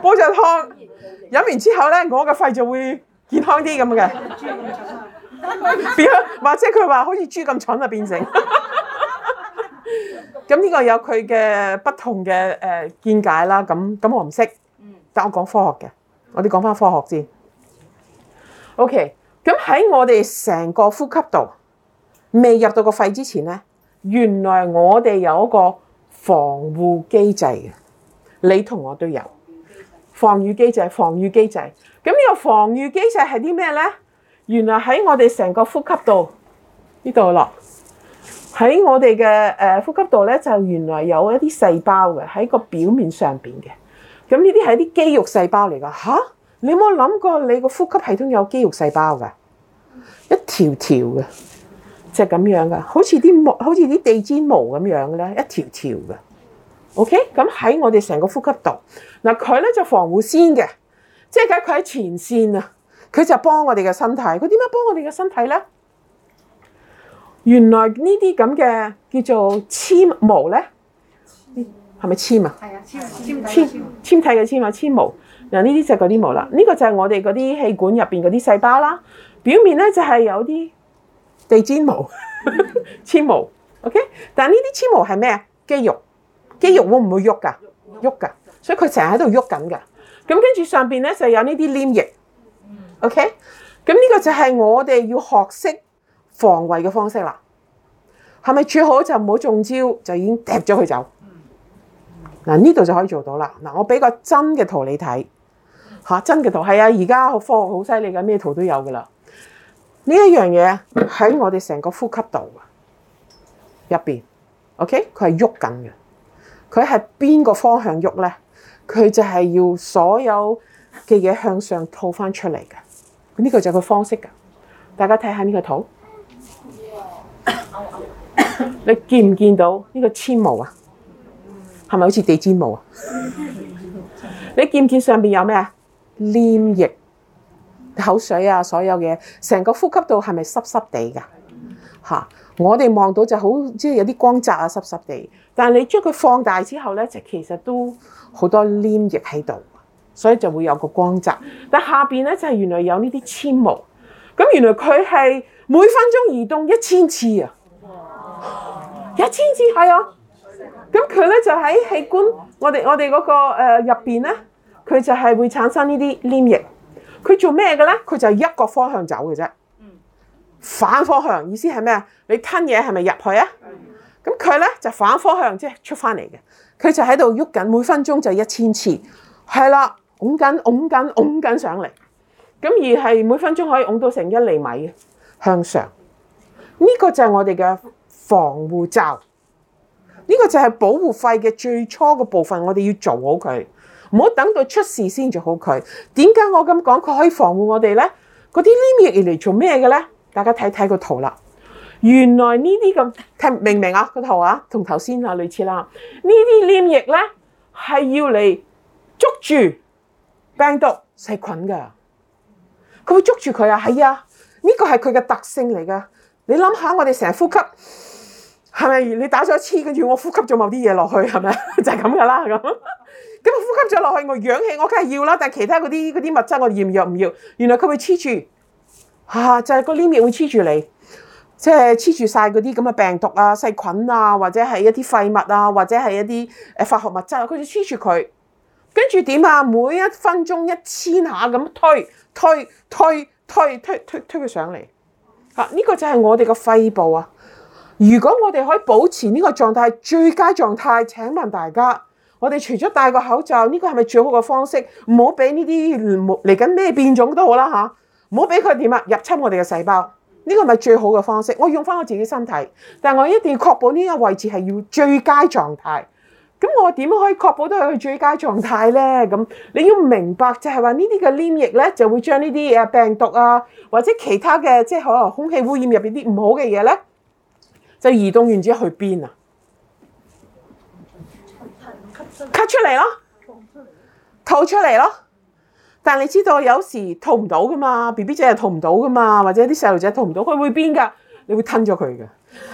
煲咗湯。飲完之後咧，我嘅肺就會健康啲咁嘅。變咗，或者佢話好似豬咁蠢啊，變成咁呢個有佢嘅不同嘅誒見解啦。咁咁我唔識，但係我講科學嘅，我哋講翻科學先。OK，咁喺我哋成個呼吸道未入到個肺之前咧，原來我哋有一個防護機制嘅，你同我都有。防禦機制，防禦機制。咁呢個防禦機制係啲咩咧？原來喺我哋成個呼吸道呢度咯，喺我哋嘅誒呼吸道咧，就原來有一啲細胞嘅喺個表面上邊嘅。咁呢啲係啲肌肉細胞嚟噶嚇。你有冇諗過你個呼吸系統有肌肉細胞噶？一條條嘅，就係咁樣噶，好似啲毛，好似啲地氈毛咁樣嘅咧，一條條嘅。OK，咁喺我哋成個呼吸道，嗱佢咧就防護先嘅，即係佢喺前線啊，佢就幫我哋嘅身體。佢點樣幫我哋嘅身體咧？原來呢啲咁嘅叫做纖毛咧，係咪纖啊？係啊，纖纖纖體嘅纖啊，纖毛。嗱呢啲就係嗰啲毛啦，呢、這個就係我哋嗰啲氣管入邊嗰啲細胞啦，表面咧就係有啲地氈毛纖 毛。OK，但呢啲纖毛係咩啊？肌肉。肌肉會唔會喐噶？喐噶，所以佢成日喺度喐緊噶。咁跟住上邊咧就有呢啲黏液。OK，咁呢個就係我哋要學識防衛嘅方式啦。係咪最好就唔好中招，就已經踢咗佢走？嗱，呢度就可以做到啦。嗱，我俾個真嘅圖你睇吓，啊，真嘅圖係啊，而家科學好犀利嘅，咩圖都有㗎啦。呢一樣嘢喺我哋成個呼吸道入邊，OK，佢係喐緊嘅。佢係邊個方向喐咧？佢就係要所有嘅嘢向上吐翻出嚟嘅。呢個就係個方式噶。大家睇下呢個圖，yeah. 你見唔見到呢個纖毛啊？係咪好似地氈毛啊？ 你見唔見上邊有咩啊？黏液、口水啊，所有嘢，成個呼吸道係咪濕濕地噶？吓、mm-hmm.？我哋望到就好，即係有啲光澤啊，濕濕地。但係你將佢放大之後咧，就其實都好多黏液喺度，所以就會有個光澤。但下邊咧就係原來有呢啲纖毛，咁原來佢係每分鐘移動一千次啊，哇，一千次係啊。咁佢咧就喺器官，我哋我哋嗰、嗰個入、呃、面咧，佢就係會產生呢啲黏液。佢做咩嘅咧？佢就一個方向走嘅啫。反方向意思係咩？你吞嘢係咪入去啊？咁佢咧就反方向即係出翻嚟嘅。佢就喺度喐緊，每分鐘就一千次，係啦，拱緊拱緊拱緊上嚟。咁而係每分鐘可以拱到成一厘米向上。呢個就係我哋嘅防護罩。呢個就係保護肺嘅最初嘅部分，我哋要做好佢，唔好等到出事先做好佢。點解我咁講佢可以防護我哋咧？嗰啲 limit 嚟做咩嘅咧？大家睇睇個圖啦，原來呢啲咁睇明唔明啊？個圖啊，同頭先啊類似啦。呢啲黏液咧，係要嚟捉住病毒細菌噶佢會捉住佢啊。係啊，呢個係佢嘅特性嚟噶。你諗下，我哋成日呼吸，係咪？你打咗一次，跟住我呼吸咗某啲嘢落去，係咪？就係咁噶啦，咁。咁呼吸咗落去，我氧氣我梗係要啦，但係其他嗰啲嗰啲物質我哋要唔要？原來佢會黐住。啊！就係個黏液會黐住你，即係黐住晒嗰啲咁嘅病毒啊、細菌啊，或者係一啲廢物啊，或者係一啲誒化學物質，佢就黐住佢。跟住點啊？每一分鐘一千下咁推推推推推推推佢上嚟。啊！呢個就係我哋個肺部啊。如果我哋可以保持呢個狀態，最佳狀態，請問大家，我哋除咗戴個口罩，呢個係咪最好嘅方式？唔好俾呢啲嚟緊咩變種都好啦吓。唔好俾佢點啊！入侵我哋嘅細胞，呢個咪最好嘅方式。我用翻我自己身體，但係我一定要確保呢一個位置係要最佳狀態。咁我點樣可以確保到佢去最佳狀態咧？咁你要明白就係話呢啲嘅黏液咧，就會將呢啲誒病毒啊，或者其他嘅即係可能空氣污染入邊啲唔好嘅嘢咧，就移動完之後去邊啊？咳出嚟咯，吐出嚟咯。但係你知道有時吐唔到噶嘛，B B 仔又吐唔到噶嘛，或者啲細路仔吐唔到，佢會邊噶，你會吞咗佢噶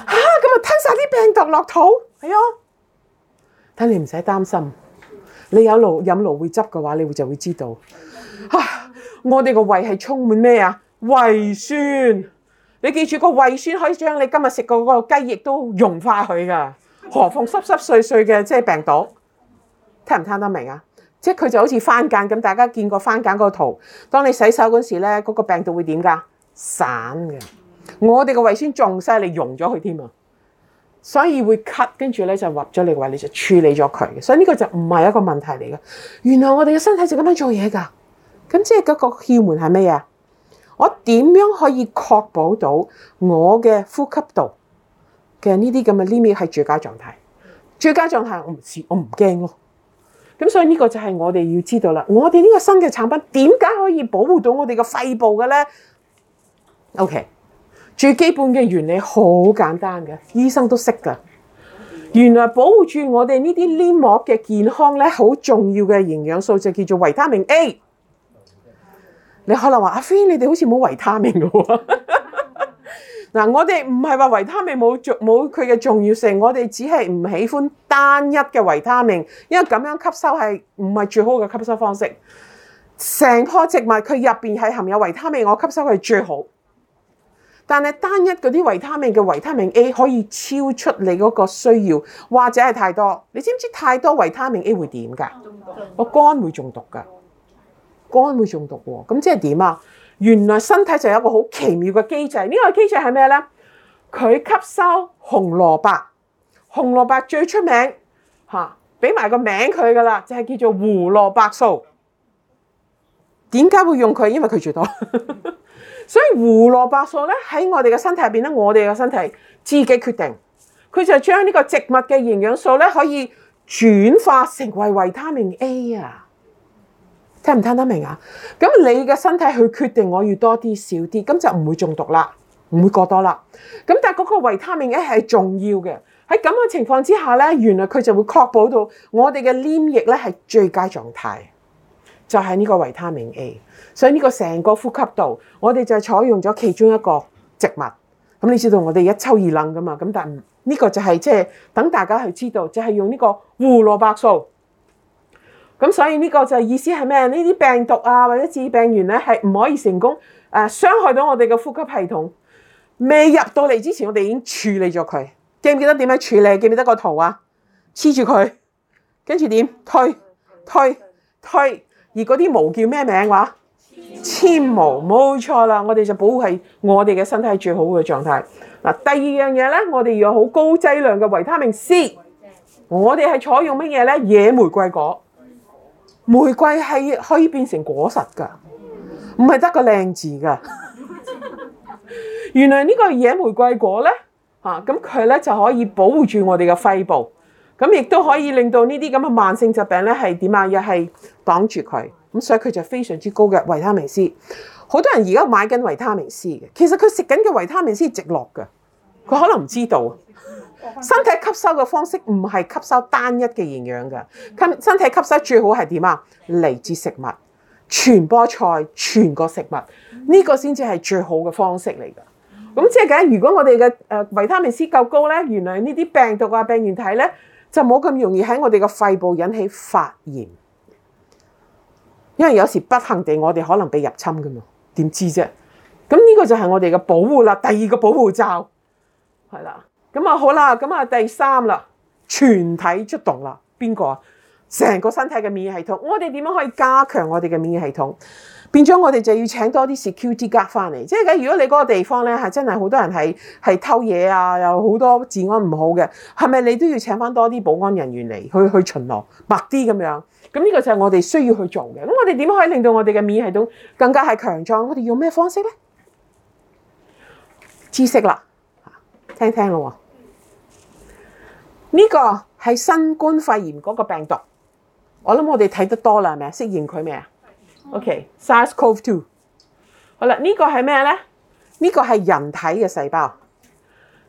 吓，咁啊吞晒啲病毒落肚，係啊，但係你唔使擔心，你有路飲路會執嘅話，你會就會知道。啊，我哋個胃係充滿咩啊？胃酸，你記住個胃酸可以將你今日食過嗰個雞翼都溶化佢噶，何況濕濕碎碎嘅即係病毒，聽唔聽得明啊？即係佢就好似番梘咁，大家見過番梘嗰個圖。當你洗手嗰時咧，嗰、嗰個病毒會點噶？散嘅。我哋嘅胃酸仲犀利，溶咗佢添啊！所以會咳，跟住咧就入咗你個胃，你就處理咗佢。所以呢個就唔係一個問題嚟嘅。原來我哋嘅身體就咁樣做嘢㗎。咁即係嗰個竅門係咩啊？我點樣可以確保到我嘅呼吸道嘅呢啲咁嘅 limit 係最佳狀態？最佳狀態我，我唔知，我唔驚咯。咁所以呢個就係我哋要知道啦，我哋呢個新嘅產品點解可以保護到我哋嘅肺部嘅咧？OK，最基本嘅原理好簡單嘅，醫生都識㗎。原來保護住我哋呢啲黏膜嘅健康咧，好重要嘅營養素就叫做維他命 A。你可能話阿飛，你哋好似冇維他命㗎喎。嗱，我哋唔係話維他命冇冇佢嘅重要性，我哋只係唔喜歡單一嘅維他命，因為咁樣吸收係唔係最好嘅吸收方式。成棵植物佢入邊係含有維他命，我吸收係最好。但係單一嗰啲維他命嘅維他命 A 可以超出你嗰個需要，或者係太多。你知唔知太多維他命 A 會點㗎？我肝會中毒㗎，肝會中毒喎。咁即係點啊？原來身體就有一個好奇妙嘅機制，呢個機制係咩呢？佢吸收紅蘿蔔，紅蘿蔔最出名嚇，俾埋個名佢噶啦，就係叫做胡蘿蔔素。點解會用佢？因為佢最多， 所以胡蘿蔔素呢，喺我哋嘅身體入邊咧，我哋嘅身體自己決定，佢就將呢個植物嘅營養素呢，可以轉化成為維他命 A 啊。聽唔聽得明啊？咁你嘅身體去決定我要多啲少啲，咁就唔會中毒啦，唔會過多啦。咁但係嗰個維他命 A 係重要嘅。喺咁嘅情況之下咧，原來佢就會確保到我哋嘅黏液咧係最佳狀態，就係、是、呢個維他命 A。所以呢個成個呼吸道，我哋就係採用咗其中一個植物。咁你知道我哋一抽二撚噶嘛？咁但係呢個就係即係等大家去知道，就係、是、用呢個胡蘿蔔素。咁所以呢個就是意思係咩？呢啲病毒啊，或者致病源咧、啊，係唔可以成功誒、啊、傷害到我哋嘅呼吸系統。未入到嚟之前，我哋已經處理咗佢。記唔記得點樣處理？記唔記得個圖啊？黐住佢，跟住點推推推，推？而嗰啲毛叫咩名話？纖毛冇錯啦。我哋就保護係我哋嘅身體最好嘅狀態嗱。第二樣嘢咧，我哋要有好高劑量嘅維他命 C。我哋係採用乜嘢咧？野玫瑰果。玫瑰係可以變成果實噶唔係得個靚字噶原來呢個野玫瑰果咧，吓，咁佢咧就可以保護住我哋嘅肺部，咁亦都可以令到呢啲咁嘅慢性疾病咧係點啊？又係擋住佢，咁所以佢就非常之高嘅維他命 C。好多人而家買緊維他命 C 嘅，其實佢食緊嘅維他命 C 直落噶，佢可能唔知道。身體吸收嘅方式唔係吸收單一嘅營養嘅，身身體吸收最好係點啊？嚟自食物，全菠菜，全個食物呢個先至係最好嘅方式嚟噶。咁即係如果我哋嘅誒維他命 C 夠高呢，原來呢啲病毒啊、病原體呢，就冇咁容易喺我哋嘅肺部引起發炎，因為有時不幸地我哋可能被入侵噶嘛，點知啫？咁呢個就係我哋嘅保護啦，第二個保護罩係啦。咁啊，好啦，咁啊，第三啦，全體出動啦，邊個啊？成個身體嘅免疫系統，我哋點樣可以加強我哋嘅免疫系統？變咗我哋就要請多啲 security guard 翻嚟。即係如果你嗰個地方咧係真係好多人係係偷嘢啊，有好多治安唔好嘅，係咪你都要請翻多啲保安人員嚟去去巡邏密啲咁樣？咁、這、呢個就係我哋需要去做嘅。咁我哋點樣可以令到我哋嘅免疫系統更加係強壯？我哋用咩方式咧？知識啦，聽聽咯喎。呢、這個係新冠肺炎嗰個病毒，我諗我哋睇得多啦，係咪適應佢咩啊？OK，SARS-CoV-2。Okay, -CoV 好啦，這個、是呢、這個係咩咧？呢個係人體嘅細胞。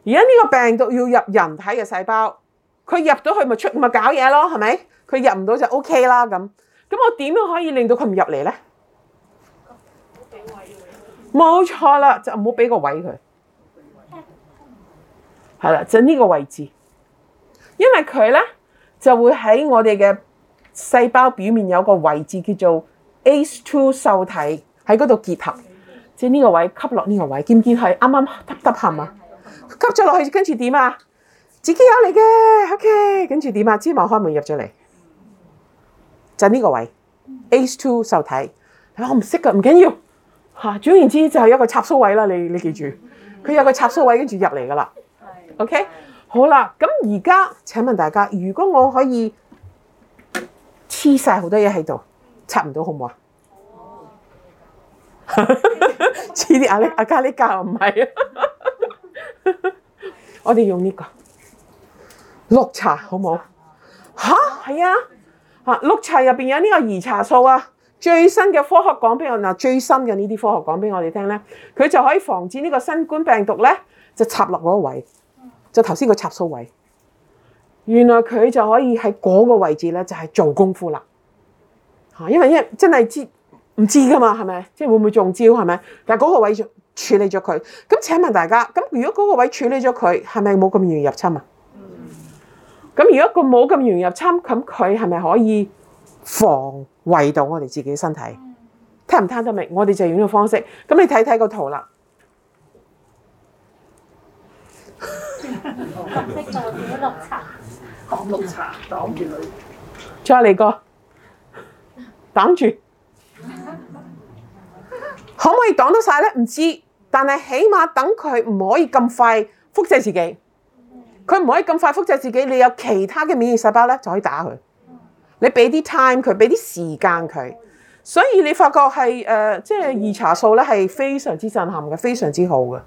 而家呢個病毒要入人體嘅細胞，佢入到去咪出咪搞嘢咯？係咪？佢入唔到就 OK 啦。咁咁，我點樣可以令到佢唔入嚟咧？冇錯啦，就唔好俾個位佢。係啦，就呢個位置。嗯嗯因為佢咧就會喺我哋嘅細胞表面有個位置叫做 ACE2 受體喺嗰度結合，即係呢個位吸落呢個位，見唔見係啱啱得得下啊，吸咗落去跟住點啊？自己有嚟嘅，OK，跟住點啊？芝麻開門入咗嚟，就呢、是、個位 a、嗯、ACE2 受體。我唔識嘅，唔緊要嚇。總言之就係一個插蘇位啦，你你記住，佢有一個插蘇位跟住入嚟噶啦，OK。好啦，咁而家請問大家，如果我可以黐晒好多嘢喺度，插唔到好唔好？哦、 啊？黐啲阿阿加力膠唔係啊，加加啊啊 我哋用呢、這個綠茶好唔好？嚇係啊嚇！綠茶入邊、啊啊啊、有呢個兒茶素啊，最新嘅科學講俾我嗱，最新嘅呢啲科學講俾我哋聽咧，佢就可以防止呢個新冠病毒咧，就插落嗰個位。就頭先個插數位，原來佢就可以喺嗰個位置咧，就係做功夫啦。吓，因為因為真係知唔知噶嘛，係咪？即係會唔會中招，係咪？但係嗰個位處理咗佢，咁請問大家，咁如果嗰個位處理咗佢，係咪冇咁容易入侵啊？咁如果佢冇咁容易入侵，咁佢係咪可以防衛到我哋自己身體？聽唔聽得明？我哋就用呢個方式，咁你睇睇個圖啦。 綠綠茶，擋綠茶，擋住佢。再嚟個擋住，可唔可以擋到晒咧？唔知，但係起碼等佢唔可以咁快複製自己，佢唔可以咁快複製自己，你有其他嘅免疫細胞咧，就可以打佢。你俾啲 time 佢，俾啲時間佢，所以你發覺係誒，即係二查數咧，係非常之震撼嘅，非常之好嘅。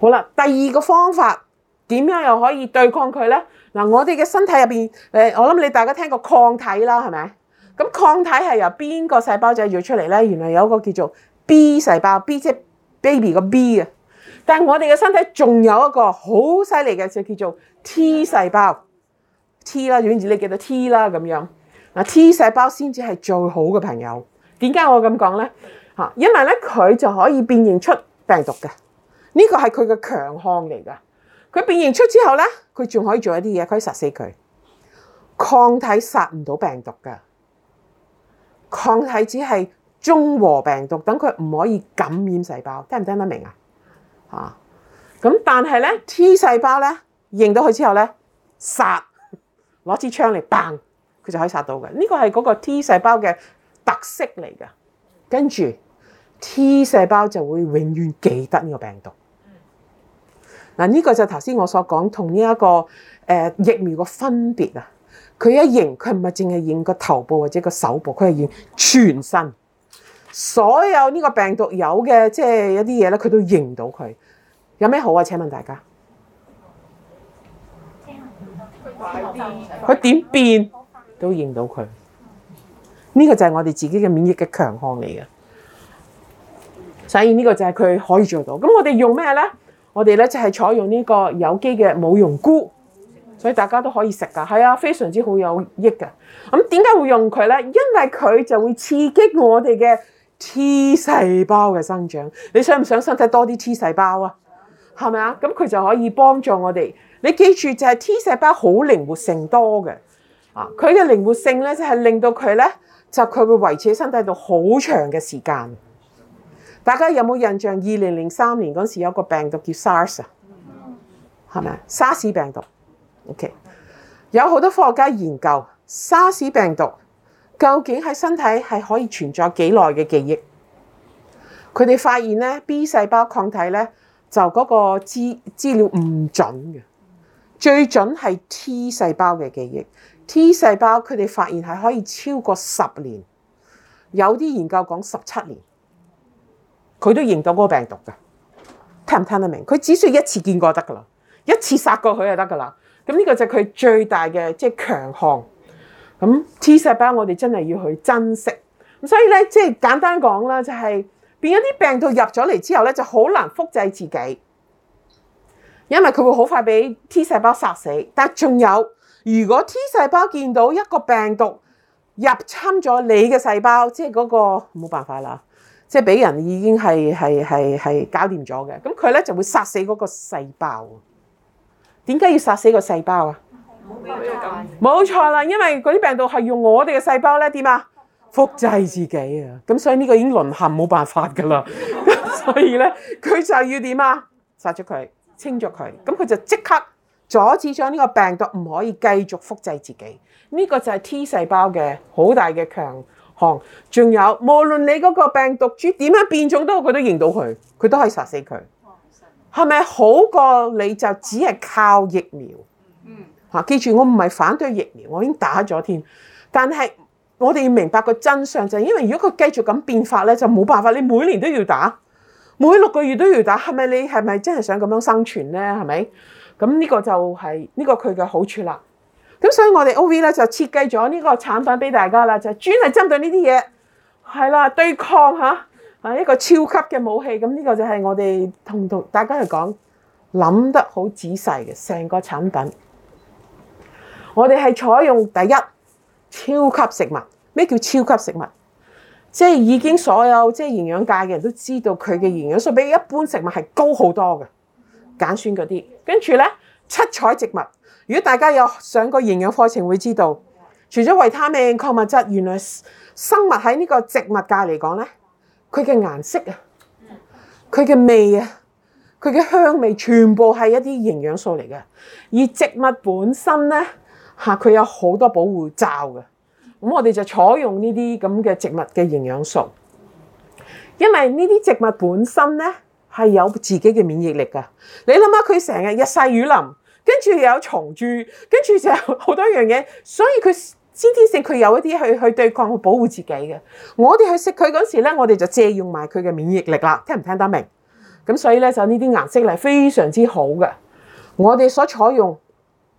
好啦，第二個方法點樣又可以對抗佢咧？嗱，我哋嘅身體入邊，誒，我諗你大家聽過抗體啦，係咪？咁抗體係由邊個細胞製造出嚟咧？原來有一個叫做 B 細胞，B 即係 baby 個 B 啊。但係我哋嘅身體仲有一個好犀利嘅，就叫做 T 細胞。T 啦，總之你記得 T 啦咁樣。嗱，T 細胞先至係最好嘅朋友。點解我咁講咧？嚇，因為咧佢就可以辨認出病毒嘅。呢個係佢嘅強項嚟噶，佢變形出之後咧，佢仲可以做一啲嘢，佢可以殺死佢。抗體殺唔到病毒噶，抗體只係中和病毒，等佢唔可以感染細胞，聽唔聽得明啊？啊，咁但係咧 T 細胞咧，認到佢之後咧，殺，攞支槍嚟嘭，佢就可以殺到嘅。呢個係嗰個 T 細胞嘅特色嚟噶，跟住 T 細胞就會永遠記得呢個病毒。嗱，呢個就頭先我所講同呢一個誒疫苗個分別啊！佢一認佢唔係淨係認個頭部或者個手部，佢係認全身，所有呢個病毒有嘅即係有啲嘢咧，佢都認到佢。有咩好啊？請問大家，佢點變，變都認到佢？呢、這個就係我哋自己嘅免疫嘅強項嚟嘅，所以呢個就係佢可以做到。咁我哋用咩咧？我哋咧就係採用呢個有機嘅舞茸菇，所以大家都可以食㗎，係啊，非常之好有益嘅。咁點解會用佢咧？因為佢就會刺激我哋嘅 T 細胞嘅生長。你想唔想身體多啲 T 細胞啊？係咪啊？咁佢就可以幫助我哋。你記住就係 T 細胞好靈活性多嘅，啊，佢嘅靈活性咧就係令到佢咧就佢會維持喺身體度好長嘅時間。大家有冇印象？二零零三年的時時有一個病毒叫 SARS 啊、嗯，係咪啊？r s 病毒，OK。有好多科學家研究 SARS 病毒究竟喺身體係可以存在幾耐嘅記憶，佢哋發現咧 B 細胞抗體咧就嗰個資料唔準嘅，最準係 T 細胞嘅記憶 T 細胞，佢哋發現係可以超過十年，有啲研究講十七年。佢都認到嗰個病毒㗎，聽唔聽得明？佢只需要一次見過就得㗎啦，一次殺過佢就得㗎啦。咁呢個就係佢最大嘅即係強項。咁 T 細胞我哋真係要去珍惜。咁所以咧，即係簡單講啦，就是，就係變咗啲病毒入咗嚟之後咧，就好難複製自己，因為佢會好快俾 T 細胞殺死。但仲有，如果 T 細胞見到一個病毒入侵咗你嘅細胞，即係嗰個冇辦法啦。即係俾人已經係係係係搞掂咗嘅，咁佢咧就會殺死嗰個細胞。點解要殺死個細胞啊？冇錯啦，因為嗰啲病毒係用我哋嘅細胞咧點啊？複製自己啊！咁所以呢個已經淪陷冇辦法噶啦， 所以咧佢就要點啊？殺咗佢，清咗佢，咁佢就即刻阻止咗呢個病毒唔可以繼續複製自己。呢個就係 T 細胞嘅好大嘅強。仲有，無論你嗰個病毒株點樣變種，都好，佢都認到佢，佢都可以殺死佢。係咪好過你就只係靠疫苗？嗯，嚇記住，我唔係反對疫苗，我已經打咗添。但係我哋要明白個真相就係，因為如果佢繼續咁變法咧，就冇辦法。你每年都要打，每六個月都要打，係咪你係咪真係想咁樣生存咧？係咪？咁呢個就係呢個佢嘅好處啦。咁所以，我哋 OV 咧就設計咗呢個產品俾大家啦，就專係針對呢啲嘢，係啦，對抗嚇啊一個超級嘅武器。咁呢個就係我哋同同大家嚟講，諗得好仔細嘅成個產品。我哋係採用第一超級食物，咩叫超級食物？即係已經所有即係營養界嘅人都知道佢嘅營養素比一般食物係高好多嘅。鹼酸嗰啲，跟住咧七彩植物。如果大家有上過營養課程，會知道，除咗維他命、礦物質，原來生物喺呢個植物界嚟講咧，佢嘅顏色啊，佢嘅味啊，佢嘅香味，全部係一啲營養素嚟嘅。而植物本身咧，吓佢有好多保護罩嘅，咁我哋就採用呢啲咁嘅植物嘅營養素，因為呢啲植物本身咧係有自己嘅免疫力噶。你諗下，佢成日日曬雨淋。跟住又有蟲蛀，跟住就好多樣嘢，所以佢先天性佢有一啲去去對抗去保護自己嘅。我哋去食佢嗰時咧，我哋就借用埋佢嘅免疫力啦。聽唔聽得明？咁所以咧就呢啲顏色係非常之好嘅。我哋所採用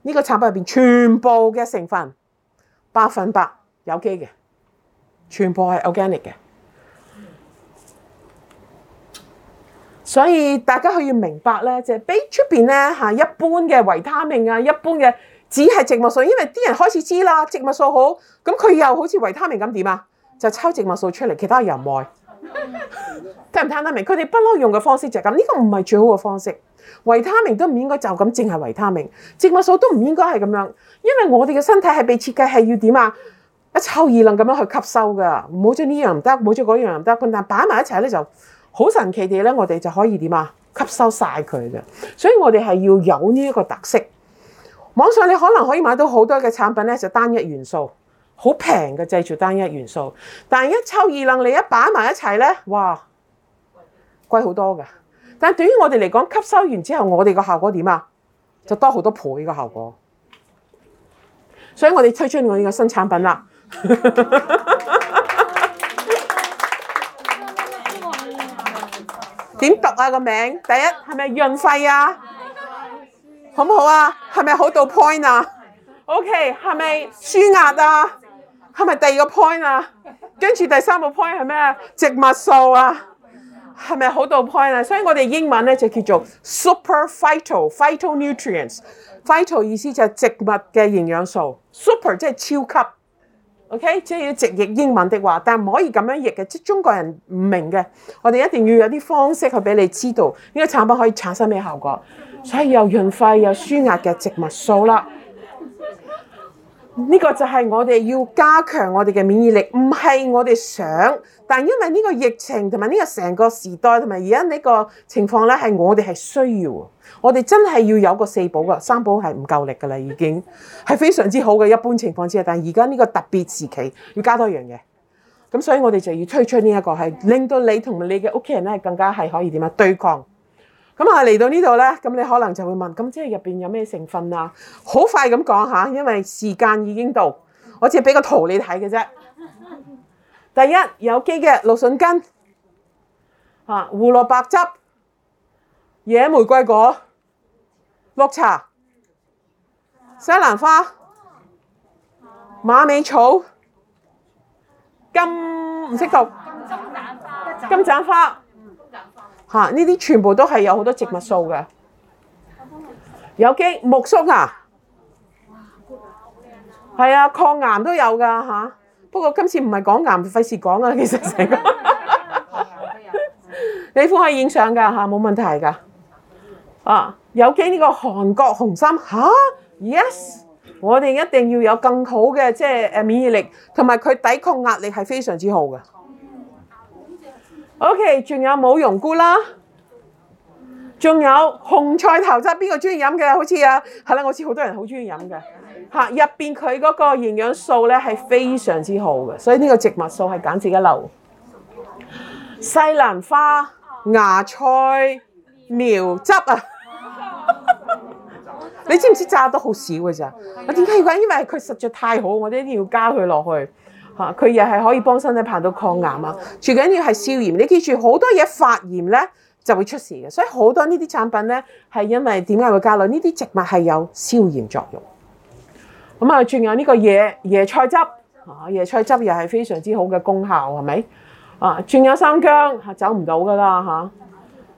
呢個產品入邊全部嘅成分，百分百有機嘅，全部係 organic 嘅。所以大家去要明白咧，就係俾出面咧一般嘅維他命啊，一般嘅只係植物素，因為啲人開始知啦，植物素好，咁佢又好似維他命咁點啊？就抽植物素出嚟，其他又唔愛，聽唔聽得明？佢哋不嬲用嘅方式就係咁，呢個唔係最好嘅方式。維他命都唔應該就咁，淨係維他命；植物素都唔應該係咁樣，因為我哋嘅身體係被設計係要點啊？一抽二能咁樣去吸收噶，冇咗呢樣唔得，冇咗嗰樣唔得，佢但擺埋一齊咧就。好神奇地咧，我哋就可以點啊？吸收晒佢。所以我哋係要有呢一個特色。網上你可能可以買到好多嘅產品咧，就單一元素，好平嘅製造單一元素。但係一抽二楞，你一擺埋一齊咧，哇，貴好多噶。但對於我哋嚟講，吸收完之後，我哋個效果點啊？就多好多倍嘅效果。所以我哋推出我呢個新產品啦。 點讀啊個名？第一係咪潤肺啊？好唔好啊？係咪好到 point 啊？OK 係咪舒壓啊？係咪第二個 point 啊？跟住第三個 point 係咩？植物素啊？係咪好到 point 啊？所以我哋英文咧就叫做 super phyto phytonutrients phyto 意思就植物嘅營養素，super 即係超級。OK，即係要直譯英文的話，但唔可以咁樣譯嘅，即係中國人唔明嘅。我哋一定要有啲方式去俾你知道呢個產品可以產生咩效果，所以又潤肺又舒壓嘅植物素啦。呢個就係我哋要加強我哋嘅免疫力，唔係我哋想，但因為呢個疫情同埋呢個成個時代同埋而家呢個情況呢，係我哋係需要，我哋真係要有個四保，三保係唔夠力嘅啦，已經係非常之好嘅一般情況之下，但而家呢個特別時期要加多樣嘢，咁所以我哋就要推出呢一個係令到你同你嘅屋企人呢，更加係可以點啊對抗。咁啊，嚟到呢度咧，咁你可能就會問，咁即係入邊有咩成分啊？好快咁講吓，因為時間已經到，我只係俾個圖你睇嘅啫。第一，有機嘅蘆筍根，嚇胡蘿蔔汁，野玫瑰果，綠茶，西蘭花，馬尾草，金唔識讀，金盞花。嚇、啊！呢啲全部都係有好多植物素嘅，有機木梳啊，係啊，抗癌都有噶嚇、啊。不過今次唔係講癌，費事講啊。其實成個，你都可以影相㗎嚇，冇、啊、問題㗎。啊，有機呢個韓國紅參吓、啊嗯、Yes、嗯、我哋一定要有更好嘅即係誒免疫力，同埋佢抵抗壓力係非常之好嘅。OK，仲有冇茸菇啦，仲有紅菜頭汁，邊個中意飲嘅？好似啊，係啦，我知好多人好中意飲嘅。哈，入邊佢嗰個營養素咧係非常之好嘅，所以呢個植物素係簡直一流。西蘭花、芽菜、苗汁啊， 你知唔知炸得好少嘅咋？我點解要講？因為佢實在太好，我哋一定要加佢落去。嚇佢又係可以幫身體排到抗癌啊！最緊要係消炎，你記住好多嘢發炎咧就會出事嘅，所以好多呢啲產品咧係因為點解會加落呢啲植物係有消炎作用？咁啊，仲有呢個椰椰菜汁，嚇椰菜汁又係非常之好嘅功效，係咪？啊，仲有生薑，嚇走唔到噶啦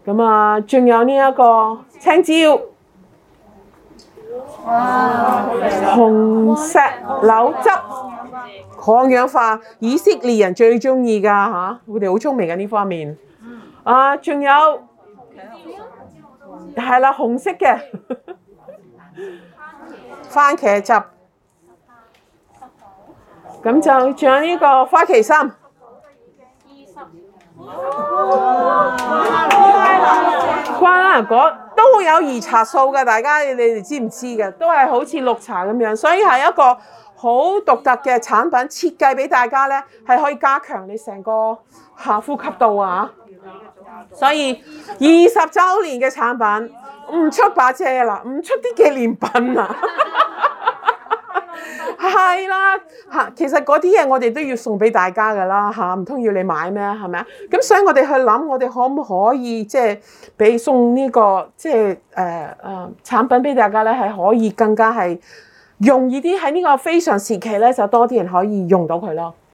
嚇，咁啊，仲有呢一個青椒、紅石榴汁。抗氧化，以色列人最中意噶吓，佢哋好聰明嘅呢方面。啊，仲、啊、有係啦，紅色嘅、嗯、 番茄汁，咁就仲有呢個花旗參、瓜拉果，都有兒茶素嘅，大家你哋知唔知嘅？都係好似綠茶咁樣，所以係一個。好獨特嘅產品設計俾大家咧，係可以加強你成個下呼吸道啊！嗯嗯嗯、所以二十週年嘅產品唔、嗯、出把遮啦，唔、嗯、出啲紀念品啊。係、 嗯嗯嗯、 啦，嚇，其實嗰啲嘢我哋都要送俾大家噶啦，嚇，唔通要你買咩？係咪啊？咁所以我哋去諗，我哋可唔可以即係俾送呢個即係誒誒產品俾大家咧？係可以更加係。容易啲喺呢個非常時期咧，就多啲人可以用到佢咯。